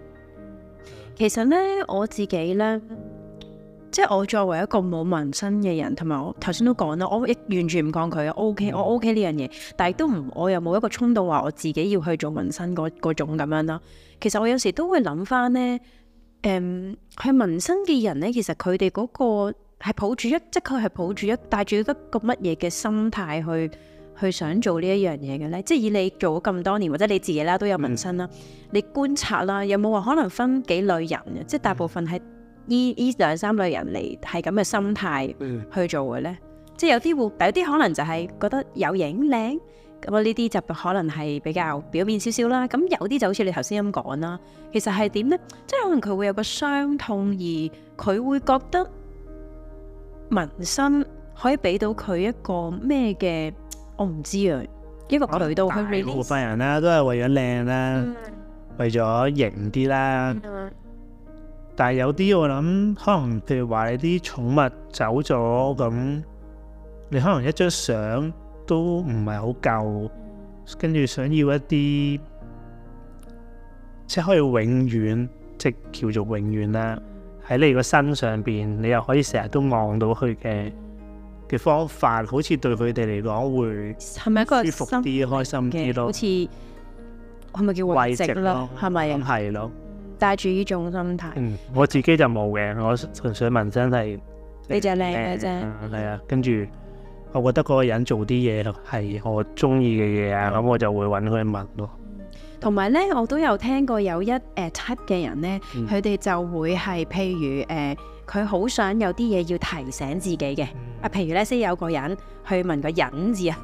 其實呢，我自己呢。即係我作為一個冇紋身嘅人，同埋我頭先都講啦，我亦完全唔抗拒啊，O K，我 O K 呢樣嘢，但係都唔，我又冇一個衝動話我自己要去做紋身嗰嗰種咁樣啦。其實我有時都會諗翻咧，誒、嗯，去紋身嘅人咧，其實佢哋嗰個係抱住一，即係佢係抱住一，帶住一個乜嘢嘅心態去去想做呢一樣嘢嘅咧？即係以你做咗咁多年，或者你自己啦都有紋身啦，嗯、你觀察啦，有冇話可能分幾類人嘅？即係大部分係、嗯。依依兩三類人嚟係咁嘅心態去做嘅咧， 即係有啲會，有啲可能就係覺得有影靚，咁啊呢啲就可能係比較表面少少啦。咁有啲就好似你頭先咁講啦，其實係點咧？即係可能佢會有個傷痛，而佢會覺得紋身可以俾到佢一個咩嘅？我唔知啊，一個渠道去 release。大部分人啦，都係為咗靚啦，為咗型啲啦。 但係有啲我諗，可能譬如話你啲寵物走咗咁，你可能一張相都唔係好夠，跟住想要一啲即係可以永遠，即叫做永遠啦。喺你個身上邊，你又可以成日都望到佢嘅嘅方法，好似對佢哋嚟講會係咪一,一個舒服啲、開心啲咯？好似係咪叫慰藉咯？係咪？係咯。是帶住呢種心態，嗯，我自己就冇嘅，嗯、我純粹問真係、就是，你就靚嘅啫，係啊、嗯嗯嗯，跟住我覺得嗰個人做啲嘢係我中意嘅嘢啊，咁、嗯、我就會揾佢問咯。同埋呢，我都有聽過有一誒、呃、type 嘅人呢，佢哋就會係譬如誒，呃佢好想有啲嘢要提醒自己嘅，啊，譬如咧先有個人去紋個字、嗯、忍字啊，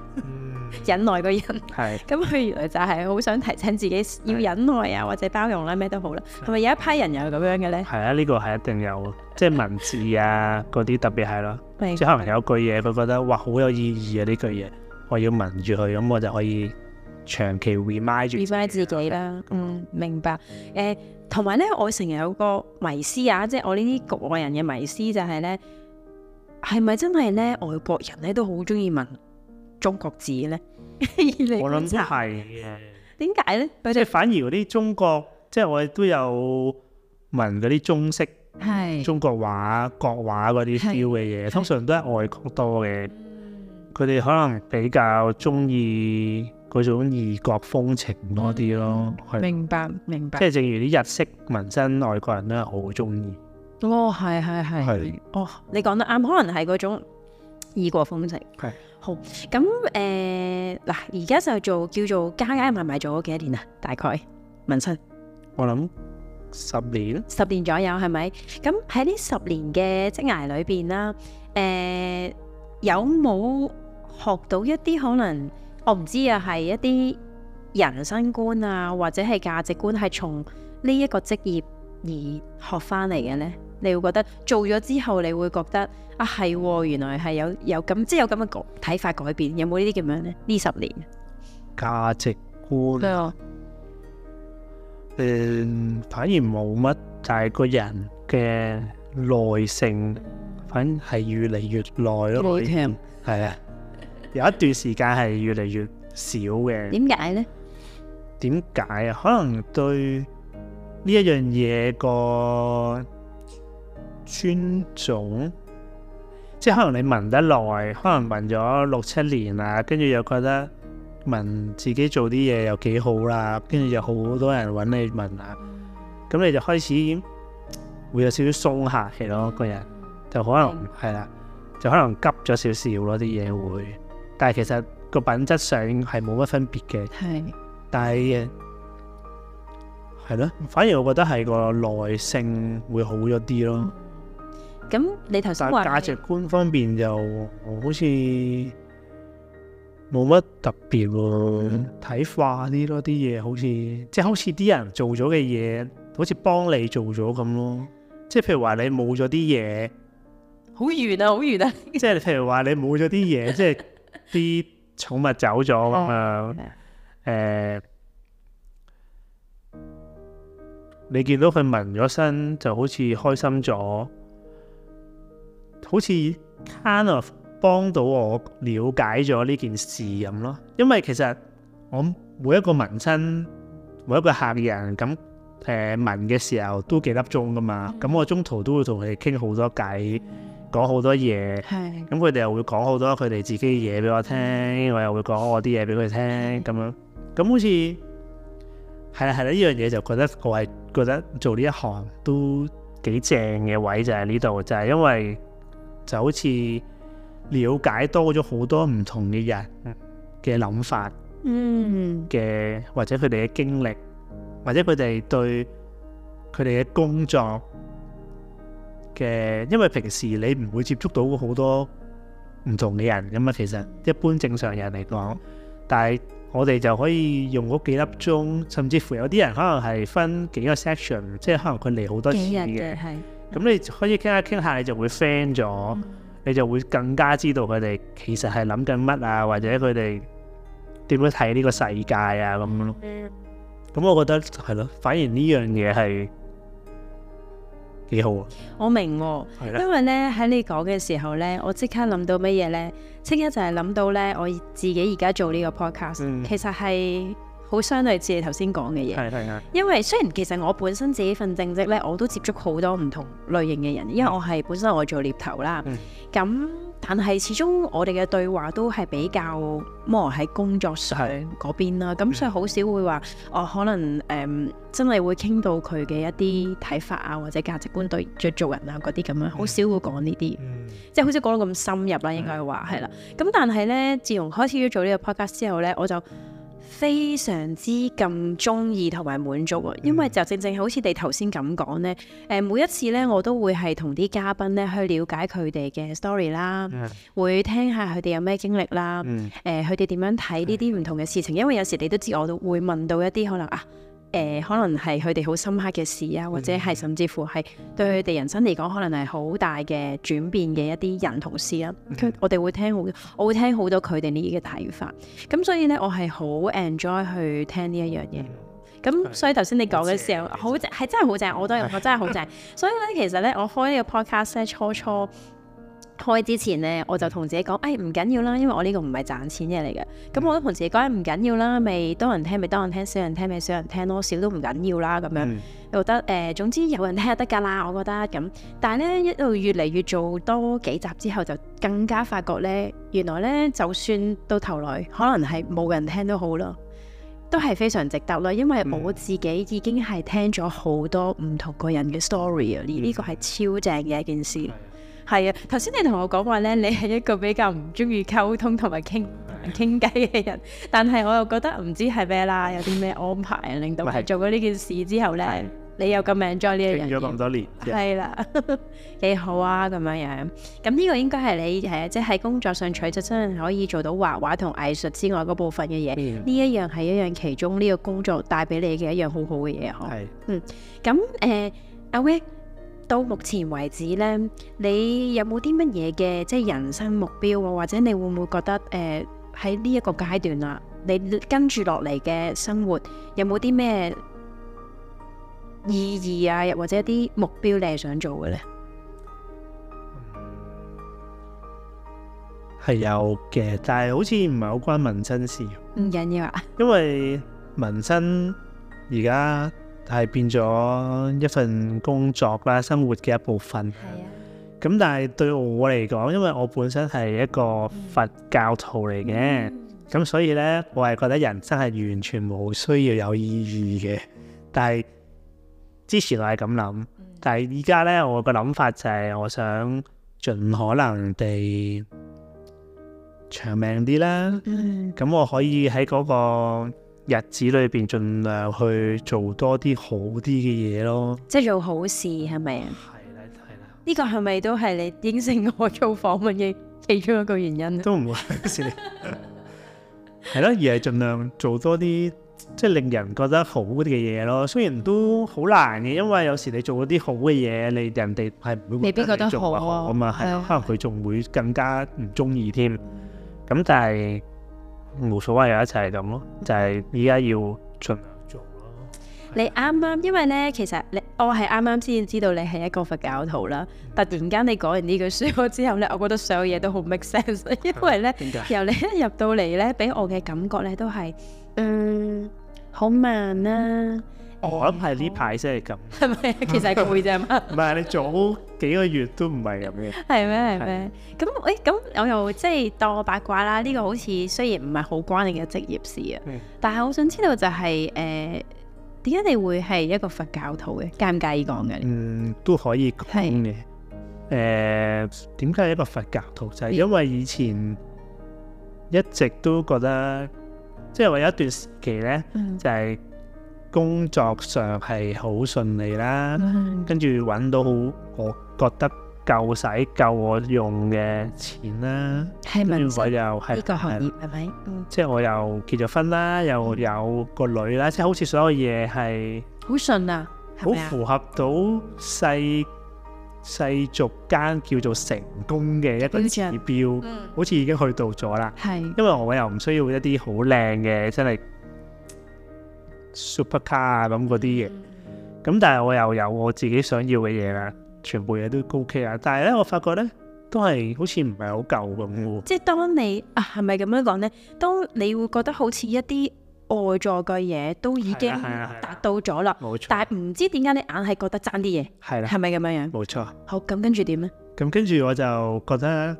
忍耐個忍，係，咁佢原來就係好想提醒自己要忍耐啊，或者包容啦，咩都好啦。同埋有一批人又咁樣嘅咧，係啊，呢、呢個係一定有，即係文字啊嗰啲 特別係咯，白即係可能有句嘢佢覺得哇好有意義啊呢句嘢，我要紋住佢，咁我就可以長期 remind 住，remind 自己啦。嗯，白嗯，明白。誒。同埋咧，我成日有個迷思啊，即係我呢啲外人嘅迷思就係咧，係咪真係咧，外國人咧都好中意紋中國字咧？我諗都係嘅。點解咧？即係反而嗰啲中國，即係我哋都有紋嗰啲中式，係中國畫、國畫嗰啲 feel 嘅嘢，通常都係外國多嘅。佢哋可能比較中意。嗰種異國風情多啲咯，係、嗯嗯。明白，明白。即係正如啲日式紋身，外國人都係好鍾意。哦，係係係。係。是哦，你講得啱，可能係嗰種異國風情。係是。好，咁誒嗱，而、呃、家就做就叫做加加埋埋做咗幾多年啊？大概紋身。我諗十年。十年左右係咪？咁喺呢十年嘅生涯裏邊啦，誒、呃、有冇學到一啲可能？我唔知啊，係一啲人生觀啊，或者係價值觀，係從呢一個職業而學翻嚟嘅呢？你會覺得做咗之後，你會覺得啊，係，原來係有有咁，即係有咁嘅改睇法改變。有冇呢啲咁樣呢？呢十年價值觀，嗯我、呃，反而冇乜，就係個人嘅耐性，反而係越嚟越耐咯。係啊。我有一段時間係越嚟越少嘅。點解呢？點解？可能對呢一樣嘢個尊重，即係可能你紋得耐，可能紋咗六七年啦，跟住又覺得紋自己做啲嘢又幾好啦，跟住又好多人揾你紋啊，咁你就開始會有少少鬆下氣咯，個人就可能係啦，就可能急咗少少咯，啲嘢會。但係其實個品質上係冇乜分別嘅，係是，但係係咯，反而我覺得係個耐性會好咗啲咯。咁、嗯、你頭先話價值觀方面就好似冇乜特別喎，睇化啲咯啲嘢，好似即係好似啲人做咗嘅嘢，好似幫你做咗咁咯。即係譬如話你冇咗啲嘢，好遠啊好遠啊！遠啊 即係譬如話你冇咗啲嘢，即係。啲寵物走咗咁啊！誒，你見到佢紋咗身，就好似開心咗，好似 kind of 幫到我了解咗呢件事咁咯。因為其實我每一個紋親每一個客人咁誒紋嘅時候都幾粒鐘㗎嘛，咁我中途都會同佢傾好多偈。講好多嘢，咁佢哋又會講好多佢哋自己嘅嘢俾我聽，我又會講我啲嘢俾佢聽，咁樣，咁好似係啦係啦，呢樣嘢就覺得我係覺得做呢一行都幾正嘅位就喺呢度，就係因為就好似了解多咗好多唔同嘅人嘅諗法，嗯嘅或者佢哋嘅經歷，或者佢哋對佢哋嘅工作。嘅，因為平時你唔會接觸到好多唔同嘅人咁啊，其實一般正常人嚟講，但係我哋就可以用嗰幾粒鐘，甚至乎有啲人可能係分幾個 section，即係可能佢嚟好多次嘅，咁、就是嗯、你可以傾下傾下，下你就會 friend 咗，嗯、你就會更加知道佢哋其實係諗緊乜啊，或者佢哋點樣睇呢個世界啊咁咯。咁我覺得係咯，反而呢樣嘢係。幾好我明、啊，的因為咧喺你講嘅時候呢，我即刻諗到乜嘢呢？即刻就係諗到呢，我自己而家做呢個 Podcast，、嗯、其實係好相對似你頭先講嘅嘢。嗯、因為雖然其實我本身自己份正職呢，我都接觸好多唔同類型嘅人，因為我係本身我做獵頭啦，咁、嗯。嗯但係始終我哋嘅對話都係比較磨喺工作上嗰邊啦，咁、嗯、所以好少會話我、呃、可能誒、呃、真係會傾到佢嘅一啲睇法啊，或者價值觀對着做人啊嗰啲咁樣，好少會講呢啲，嗯、即係好少講到咁深入啦、啊。應該話係啦。咁、嗯、但係呢，自從開始咗做呢個 podcast 之後呢，我就。非常之咁中意同埋滿足啊，因為就正正好似你頭先咁講呢。誒每一次呢，我都會係同啲嘉賓呢去了解佢哋嘅 story 啦，會聽下佢哋有咩經歷啦，誒佢哋點樣睇呢啲唔同嘅事情，因為有時你都知，我都會問到一啲可能啊。誒、呃，可能係佢哋好深刻嘅事啊，嗯、或者係甚至乎係對佢哋人生嚟講，嗯、可能係好大嘅轉變嘅一啲人同事啊。嗯、我哋會聽好多，我會聽好多佢哋呢啲嘅睇法。咁所以呢，我係好 enjoy 去聽呢一樣嘢。咁、嗯、所以頭先你講嘅時候，好係真係好正，是我都有，我真係好正。 所以呢，其實呢，我開呢個 podcast 咧，初初，初。開之前呢，我就同自己講，誒唔緊要啦，因為我呢個唔係賺錢嘢嚟嘅。咁、嗯、我都同自己講，唔緊要啦，咪多人聽咪多人聽，少人聽咪少人聽，多少都唔緊要啦。咁樣，又、嗯、得誒、呃，總之有人聽就得噶啦，我覺得。咁，但係呢，一路越嚟越做多幾集之後，就更加發覺呢，原來呢，就算到頭來可能係冇人聽都好啦，都係非常值得啦。因為我自己已經係聽咗好多唔同個人嘅 story 啊，呢個係超正嘅一件事。係啊，頭先你同我講話咧，你係一個比較唔中意溝通同埋傾傾偈嘅人，但係我又覺得唔知係咩啦，有啲咩安排令到做過呢件事之後咧， 你又咁樣 enjoy 呢樣嘢，傾咗咁多年，係啦，幾好啊咁樣樣。咁呢個應該係你係即係喺工作上取得真係可以做到畫畫同藝術之外嗰部分嘅嘢，呢、嗯、一樣係一樣其中呢個工作帶俾你嘅一樣好好嘅嘢嗬，係，嗯，咁誒的，阿威、嗯。到目前為止呢，你有冇啲乜嘢嘅即係人生目標啊？或者你會唔會覺得誒喺呢一個階段啊？你跟住落嚟嘅生活有冇啲咩意義啊？又或者一啲目標你係想做嘅呢？係有嘅，但係好似唔係好關民生事，唔緊要啊，因為民生而家。係變咗一份工作啦，生活嘅一部分。咁但係對我嚟講，因為我本身係一個佛教徒嚟嘅，咁、嗯、所以呢，我係覺得人生係完全冇需要有意義嘅。但係之前我係咁諗，但係依家呢，我個諗法就係我想盡可能地長命啲啦。嗯。咁我可以喺嗰個日子裏邊，盡量去做多啲好啲嘅嘢咯。即係做好事係咪啊？係啦，係啦。呢個係咪都係你應承我做訪問嘅其中一個原因？ 都唔不會是，係 咯， 而係盡量做多啲即係令人覺得好啲嘅嘢咯。雖然都好難嘅，因為有時你做嗰啲好嘅嘢，你人哋係唔會未必覺得，得，啊得好啊嘛。係的，的可能佢仲會更加唔中意添。咁但係。無所謂，又一齊咁咯，就係依家要盡量做咯。你啱啱，因為咧，其實你我係啱啱先知道你係一個佛教徒啦。嗯、突然間你講完呢句說話之後咧，我覺得所有嘢都好 make sense，因為咧，點解由你一入到嚟咧，俾我嘅感覺咧都係，嗯，好慢啦，啊。嗯哦、我諗係呢排先係咁，係咪 其實攰啫？嘛， 唔係你早幾個月都唔係咁嘅，係咩係咩？咁誒咁，是欸、我又即係、就是、當我八卦啦。呢、呢個好似雖然唔係好關你嘅職業事啊，嗯、但係我想知道就係誒點解你會係一個佛教徒嘅？介唔介意講嘅？嗯，都可以講嘅。誒點解係一個佛教徒？就係、係、因為以前一直都覺得，即係我有一段時期咧，就係、係。就係工作上係好順利啦，跟住揾到好我覺得夠使夠我用嘅錢啦，跟住我又係呢個行業係咪？即係我又結咗婚啦，又有個女啦，即係好似所有嘢係好順啊，好符合到世世俗間叫做成功嘅一個指標，好似已經去到咗啦。係因為我又唔需要一啲好靚嘅真係。super car 啊，咁嗰啲嘢，咁但係我又有我自己想要嘅嘢啦，全部嘢都 OK 啦。但係咧，我發覺咧，都係好似唔係好夠咁喎。即係當你啊，係咪咁樣講咧？當你會覺得好似一啲外在嘅嘢都已經達到咗啦，冇、啊啊啊啊、錯。但係唔知點解你硬係覺得爭啲嘢，係啦、啊，係咪咁樣樣？冇錯。好，咁跟住點咧？咁跟住我就覺得，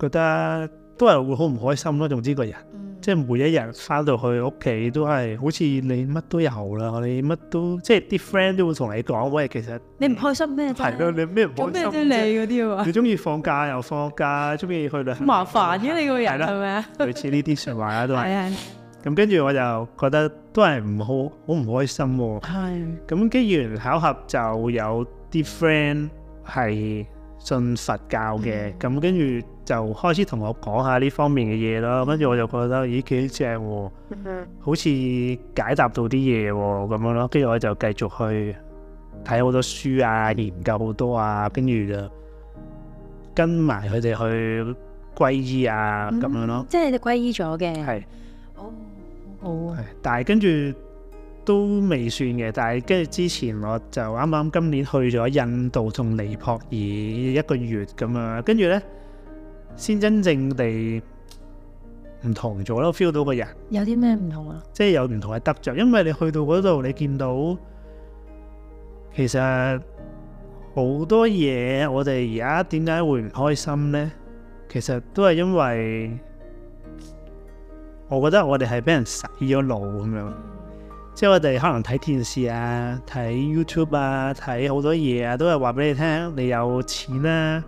覺得都係會好唔開心咯，總之個人。即係每一日翻到去屋企都係好似你乜都有啦，你乜都即係啲 friend 都會同你講喂，其實你唔開心咩？係囉，你咩唔開心？咁咩啫你嗰啲喎？你中意放假又放假，中意 去旅行，麻煩嘅、啊、你個人係咪啊？類似呢啲説話呀，都係。咁跟住我就覺得都係唔好好唔開心喎、啊。咁 既然巧合就有啲 friend 係信佛教嘅，咁跟住。就開始同我講下呢方面嘅嘢咯，跟住我就覺得咦，幾正喎，好似解答到啲嘢喎咁樣咯。跟住我就繼續去睇好多書啊，研究好多啊，跟住就跟埋佢哋去皈依啊咁樣咯。嗯，即係你哋皈依咗嘅？係是。哦，哦。係，但係跟住都未算嘅。但係跟住之前我就啱啱今年去咗印度同尼泊爾一個月咁樣，跟住咧。先真正地唔同咗咯，feel 到個人有啲咩唔同啊？即係有唔同嘅得着，因為你去到嗰度，你見到其實好多嘢，我哋而家點解會唔開心呢？其實都係因為我覺得我哋係俾人洗咗腦咁樣，即係我哋可能睇電視啊、睇 YouTube 啊、睇好多嘢啊，都係話俾你聽，你有錢啦啊。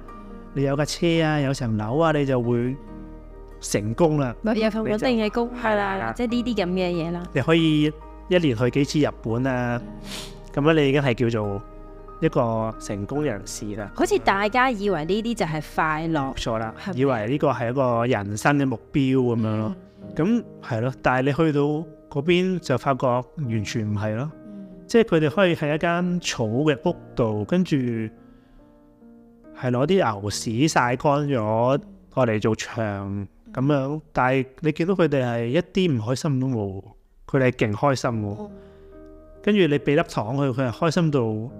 你有架車啊，有層樓啊，你就會成功啦。有份就穩定嘅工，係啦的，即係呢啲咁嘅嘢啦。你可以一年去幾次日本啊，咁樣 你已經係叫做一個成功人士啦。好似大家以為呢啲就係快樂咗啦、嗯，以為呢個係一個人生嘅目標咁樣咯。咁係咯，但係你去到嗰邊就發覺完全唔係咯。即係佢哋可以喺一間草嘅屋度，跟住。係攞啲牛屎曬乾咗過嚟做牆咁樣，但係你見到佢哋係一啲唔開心都冇，佢哋係勁開心喎。跟住你俾粒糖佢，佢係開心到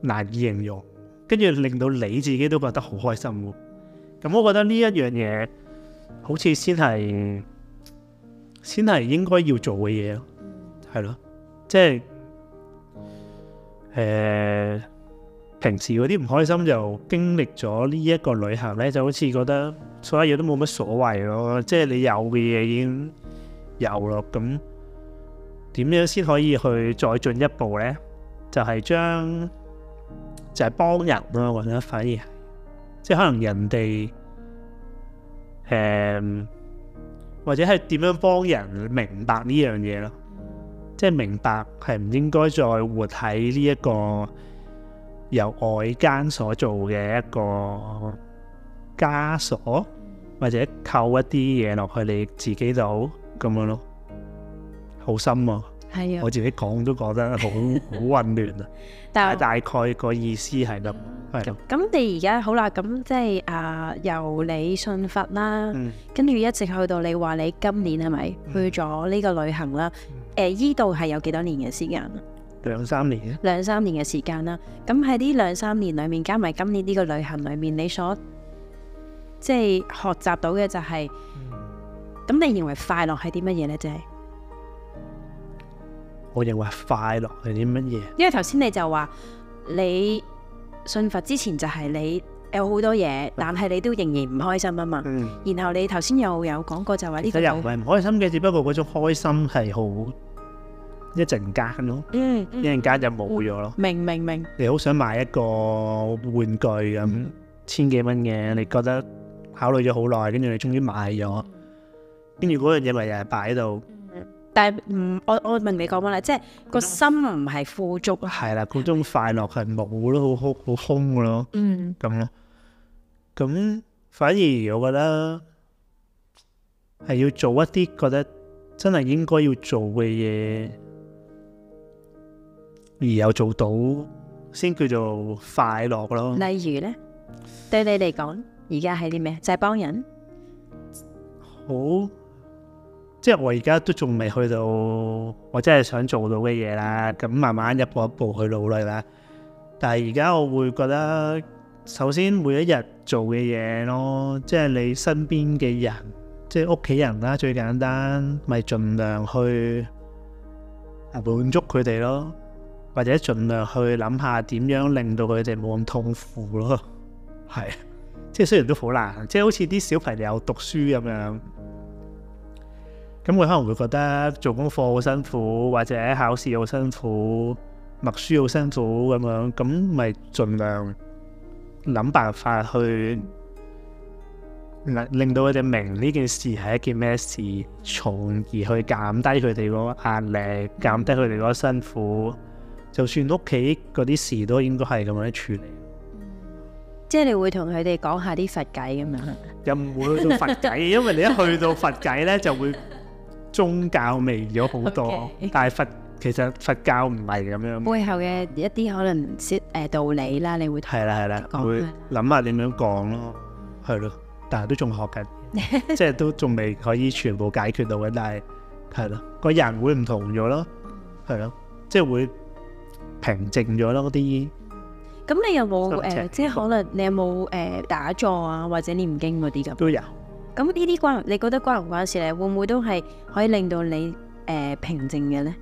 難以形容。跟住令到你自己都覺得好開心喎。咁我覺得呢一樣嘢好似先係先係應該要做嘅嘢咯，係咯，即係誒。平時嗰啲唔開心就經歷咗呢一個旅行呢，就好似覺得所有嘢都冇乜所謂咯，即係你有嘅嘢已經有咯。咁點樣先可以去再進一步呢？就係將就係幫人咯，我覺得反而即係可能人哋誒或者係點樣幫人明白呢樣嘢咯，即係明白係唔應該再活喺呢一個。由外間所做嘅一個枷鎖，或者扣一啲嘢落去你自己度咁樣咯，好深啊！係啊的，我自己講都講得好好 混亂啊！但 大概個意思係咁，咁 的。你而家好啦，咁即係啊、呃，由你信佛啦，嗯、跟住一直去到你話你今年係咪去咗呢個旅行啦？誒、嗯，依度係有幾多年嘅時間？兩三年啊！兩三年嘅時間啦，咁喺呢兩三年裏面，加埋今年呢個旅行裏面，你所即係學習到嘅就係、是，咁、嗯、你認為快樂係啲乜嘢呢？即係我認為快樂係啲乜嘢？因為頭先你就話你信佛之前就係你有好多嘢，嗯、但係你都仍然唔開心啊嘛。嗯、然後你頭先又有講過就話呢又唔係唔開心嘅，只不過嗰種開心係好。一陣間咯，一陣間就冇咗咯。明明明，你好想買一個玩具咁千幾蚊嘅，你覺得考慮咗好耐，跟住你終於買咗，跟住嗰樣嘢咪又係擺喺度。但係唔，我我明你講乜咧？即係個心唔係富足。係啦，嗰種快樂係冇咯，好空好空嘅咯。嗯，咁咯。咁反而我覺得係要做一啲覺得真係應該要做嘅嘢。而有做到先叫做快樂咯。例如呢，對你嚟講，而家係啲咩？就係幫人好，即係我而家都仲未去到我真係想做到嘅嘢啦。咁慢慢一步一步去努力啦。但係而家我會覺得，首先每一日做嘅嘢咯，即係你身邊嘅人，即係屋企人啦，最簡單，咪盡量去滿足佢哋咯。或者盡量去諗下點樣令到佢哋冇咁痛苦咯，係，即係雖然都好難，即係好似啲小朋友讀書咁樣，咁佢可能會覺得做功課好辛苦，或者考試好辛苦，默書好辛苦咁樣，咁咪盡量諗辦法去令令到佢哋明呢件事係一件咩事，從而去減低佢哋嗰個壓力，減低佢哋嗰個辛苦。就算屋企嗰啲事都應該係咁樣處理。嗯，即係你會同佢哋講下啲佛偈咁樣。又唔會去到佛偈，因為你一去到佛偈咧，就會宗教味咗好多。但係佛其實佛教唔係咁樣。背後嘅一啲可能誒道理啦，你會同佢講，係啦係啦，會諗下點樣講咯，係咯，但係都仲學緊，即係都仲未可以全部解決到嘅。但係係咯，個人會唔同咗咯，係咯，即係會。平靜咗咯啲，咁、嗯、你有冇誒，呃、即係可能你有冇誒、呃、打坐啊，或者念經嗰啲咁？都有。咁呢啲關你覺得關唔關事咧？會唔會都係可以令到你誒、呃、平靜嘅咧？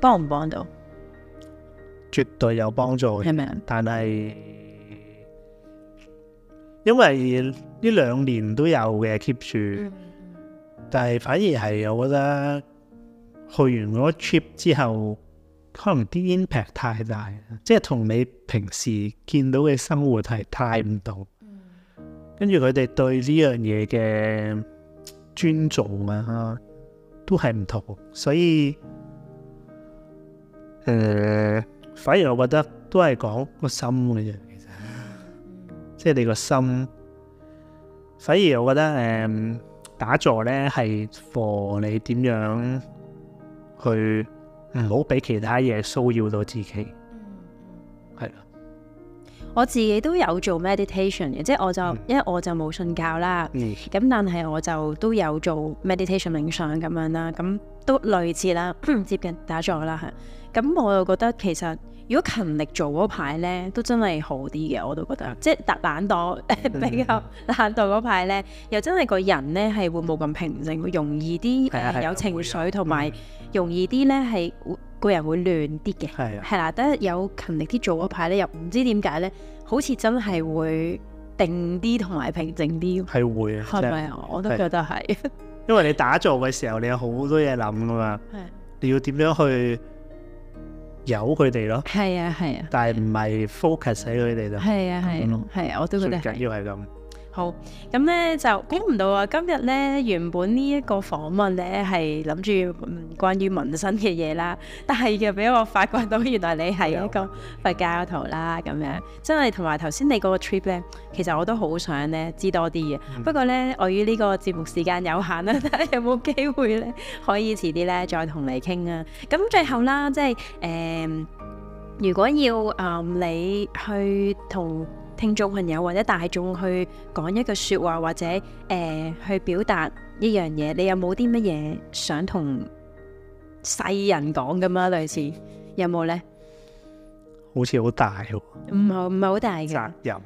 幫唔幫到？絕對有幫助，係咪？但係因為呢兩年都有嘅 keep 住，嗯、但係反而係我覺得去完嗰個 trip 之後。可能啲 impact 太大，即係同你平時見到嘅生活係太唔同，跟住佢哋對呢樣嘢嘅尊重啊，都係唔同。所以，誒，反而我覺得都係講個心嘅啫，其實，即係你個心。反而我覺得，誒，打坐咧係 for 你點樣去。唔好俾其他嘢騷擾到自己，係啦。我自己都有做 meditation 嘅，即係我就、嗯、因為我就冇信教啦，咁、嗯、但係我就都有做 meditation 冥想咁樣啦，咁都類似啦，接近打坐啦吓。咁我又覺得其實。如果勤力做嗰排咧，都真係好啲嘅，我都覺得。即係特懶惰，比較懶惰嗰排咧，嗯、又真係個人咧係會冇咁平靜，會容易啲、啊、有情緒，同埋、啊嗯、容易啲咧係個人會亂啲嘅。係啊，係啦、啊，得有勤力啲做嗰排咧，又唔知點解咧，好似真係會定啲同埋平靜啲。係會啊？係咪啊？就是、我都覺得係。因為你打坐嘅時候，你有好多嘢諗噶嘛，啊、你要點樣去？有佢哋咯，係啊係啊，啊但係唔係 focus 喺佢哋度，係啊係啊，啊，啊，我都覺得緊要係咁。好，咁咧就估唔到啊！今日咧原本呢一個訪問咧係諗住關於紋身嘅嘢啦，但係又俾我發覺到原來你係一個佛教徒啦，咁樣真係同埋頭先你嗰個 trip 咧，其實我都好想咧知多啲嘅。不過咧，我於呢個節目時間有限啊，睇下有冇機會咧可以遲啲咧再同你傾啊。咁最後啦，即係誒、呃，如果要啊、呃、你去同。聽眾朋友或者大眾去講一句說話，或者誒、呃、去表達一樣嘢，你有冇啲乜嘢想同世人講咁啊？類似有冇呢？好似好大，哦，唔係唔係好大嘅責任，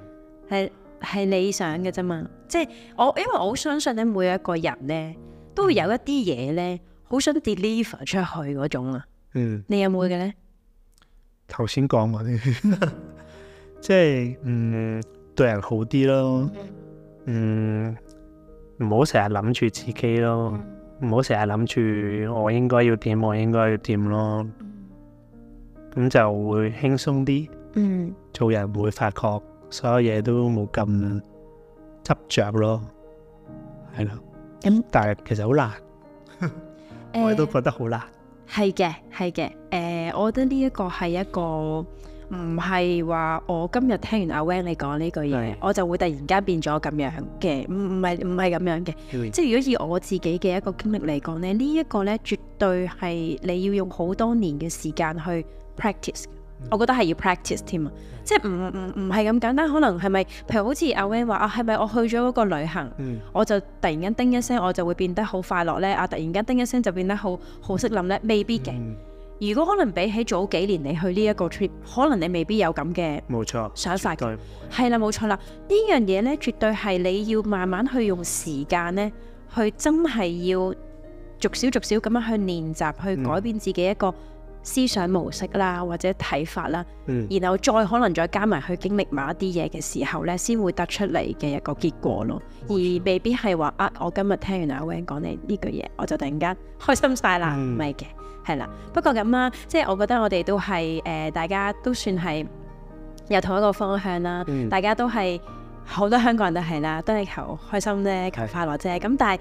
係係理想嘅啫嘛。即係我因為我好相信咧，每一個人呢都會有一啲嘢呢，好想 deliver 出去嗰種啊。嗯，你有冇嘅呢？頭先講我啲。 即係嗯，對人好啲咯。嗯，唔好成日諗住自己咯。唔好成日諗住我應該要點，我應該要點咯，咁就會輕鬆啲。嗯，嗯，做人會發覺所有嘢都冇咁執着咯，係咯。咁、嗯、但係其實好難， 我都覺得好難。係嘅、嗯，係嘅。誒、呃，我覺得呢一個係一個。唔係話我今日聽完阿 Wang 你講呢句嘢，對我就會突然間變咗咁樣嘅，唔唔係唔係咁樣嘅。對即係如果以我自己嘅一個經歷嚟講咧，這個、呢一個咧絕對係你要用好多年嘅時間去 practice。嗯、我覺得係要 practice 添啊，嗯、即係唔唔唔係咁簡單。可能係咪？譬如好似阿 Wang 話啊，係咪我去咗嗰個旅行，嗯、我就突然間叮一聲，我就會變得好快樂咧？啊，突然間叮一聲就變得好好識諗咧？未必嘅。如果可能比起早幾年你去呢一個 trip，可能你未必有咁嘅，冇錯，想法嘅，係啦，冇錯啦，呢樣嘢咧絕對係你要慢慢去用時間咧，去真係要逐少逐少咁樣去練習，去改變自己一個思想模式啦，或者睇法啦，嗯，然後再可能再加埋去經歷某一啲嘢嘅時候呢先會得出嚟嘅一個結果咯，冇錯，而未必係話啊，我今日聽完阿 Wang 講你呢句嘢，我就突然間開心晒啦，唔係嘅。係啦，不過咁啦，即係我覺得我哋都係誒、呃，大家都算係有同一個方向啦。嗯、大家都係好多香港人都係啦，都係求開心啫，求快樂啫。咁但係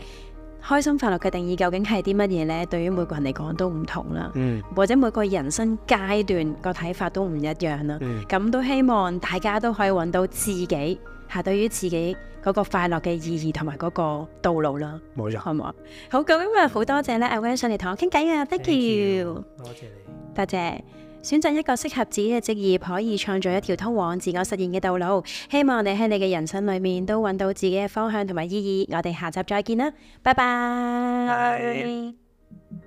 開心快樂嘅定義究竟係啲乜嘢呢？對於每個人嚟講都唔同啦，嗯、或者每個人生階段個睇法都唔一樣啦。咁、嗯、都希望大家都可以揾到自己。吓，下對於自己嗰個快樂嘅意義同埋嗰個道路啦，冇錯人，係咪啊？好，咁，嗯、啊，好多、啊、謝咧 Wang 上嚟同我傾偈啊，thank you，多謝你，多謝，謝選擇一個適合自己嘅職業，可以創造一條通往自我實現嘅道路。希望你喺你嘅人生裏面都揾到自己嘅方向同埋意義。我哋下集再見啦，拜拜。哎，拜拜。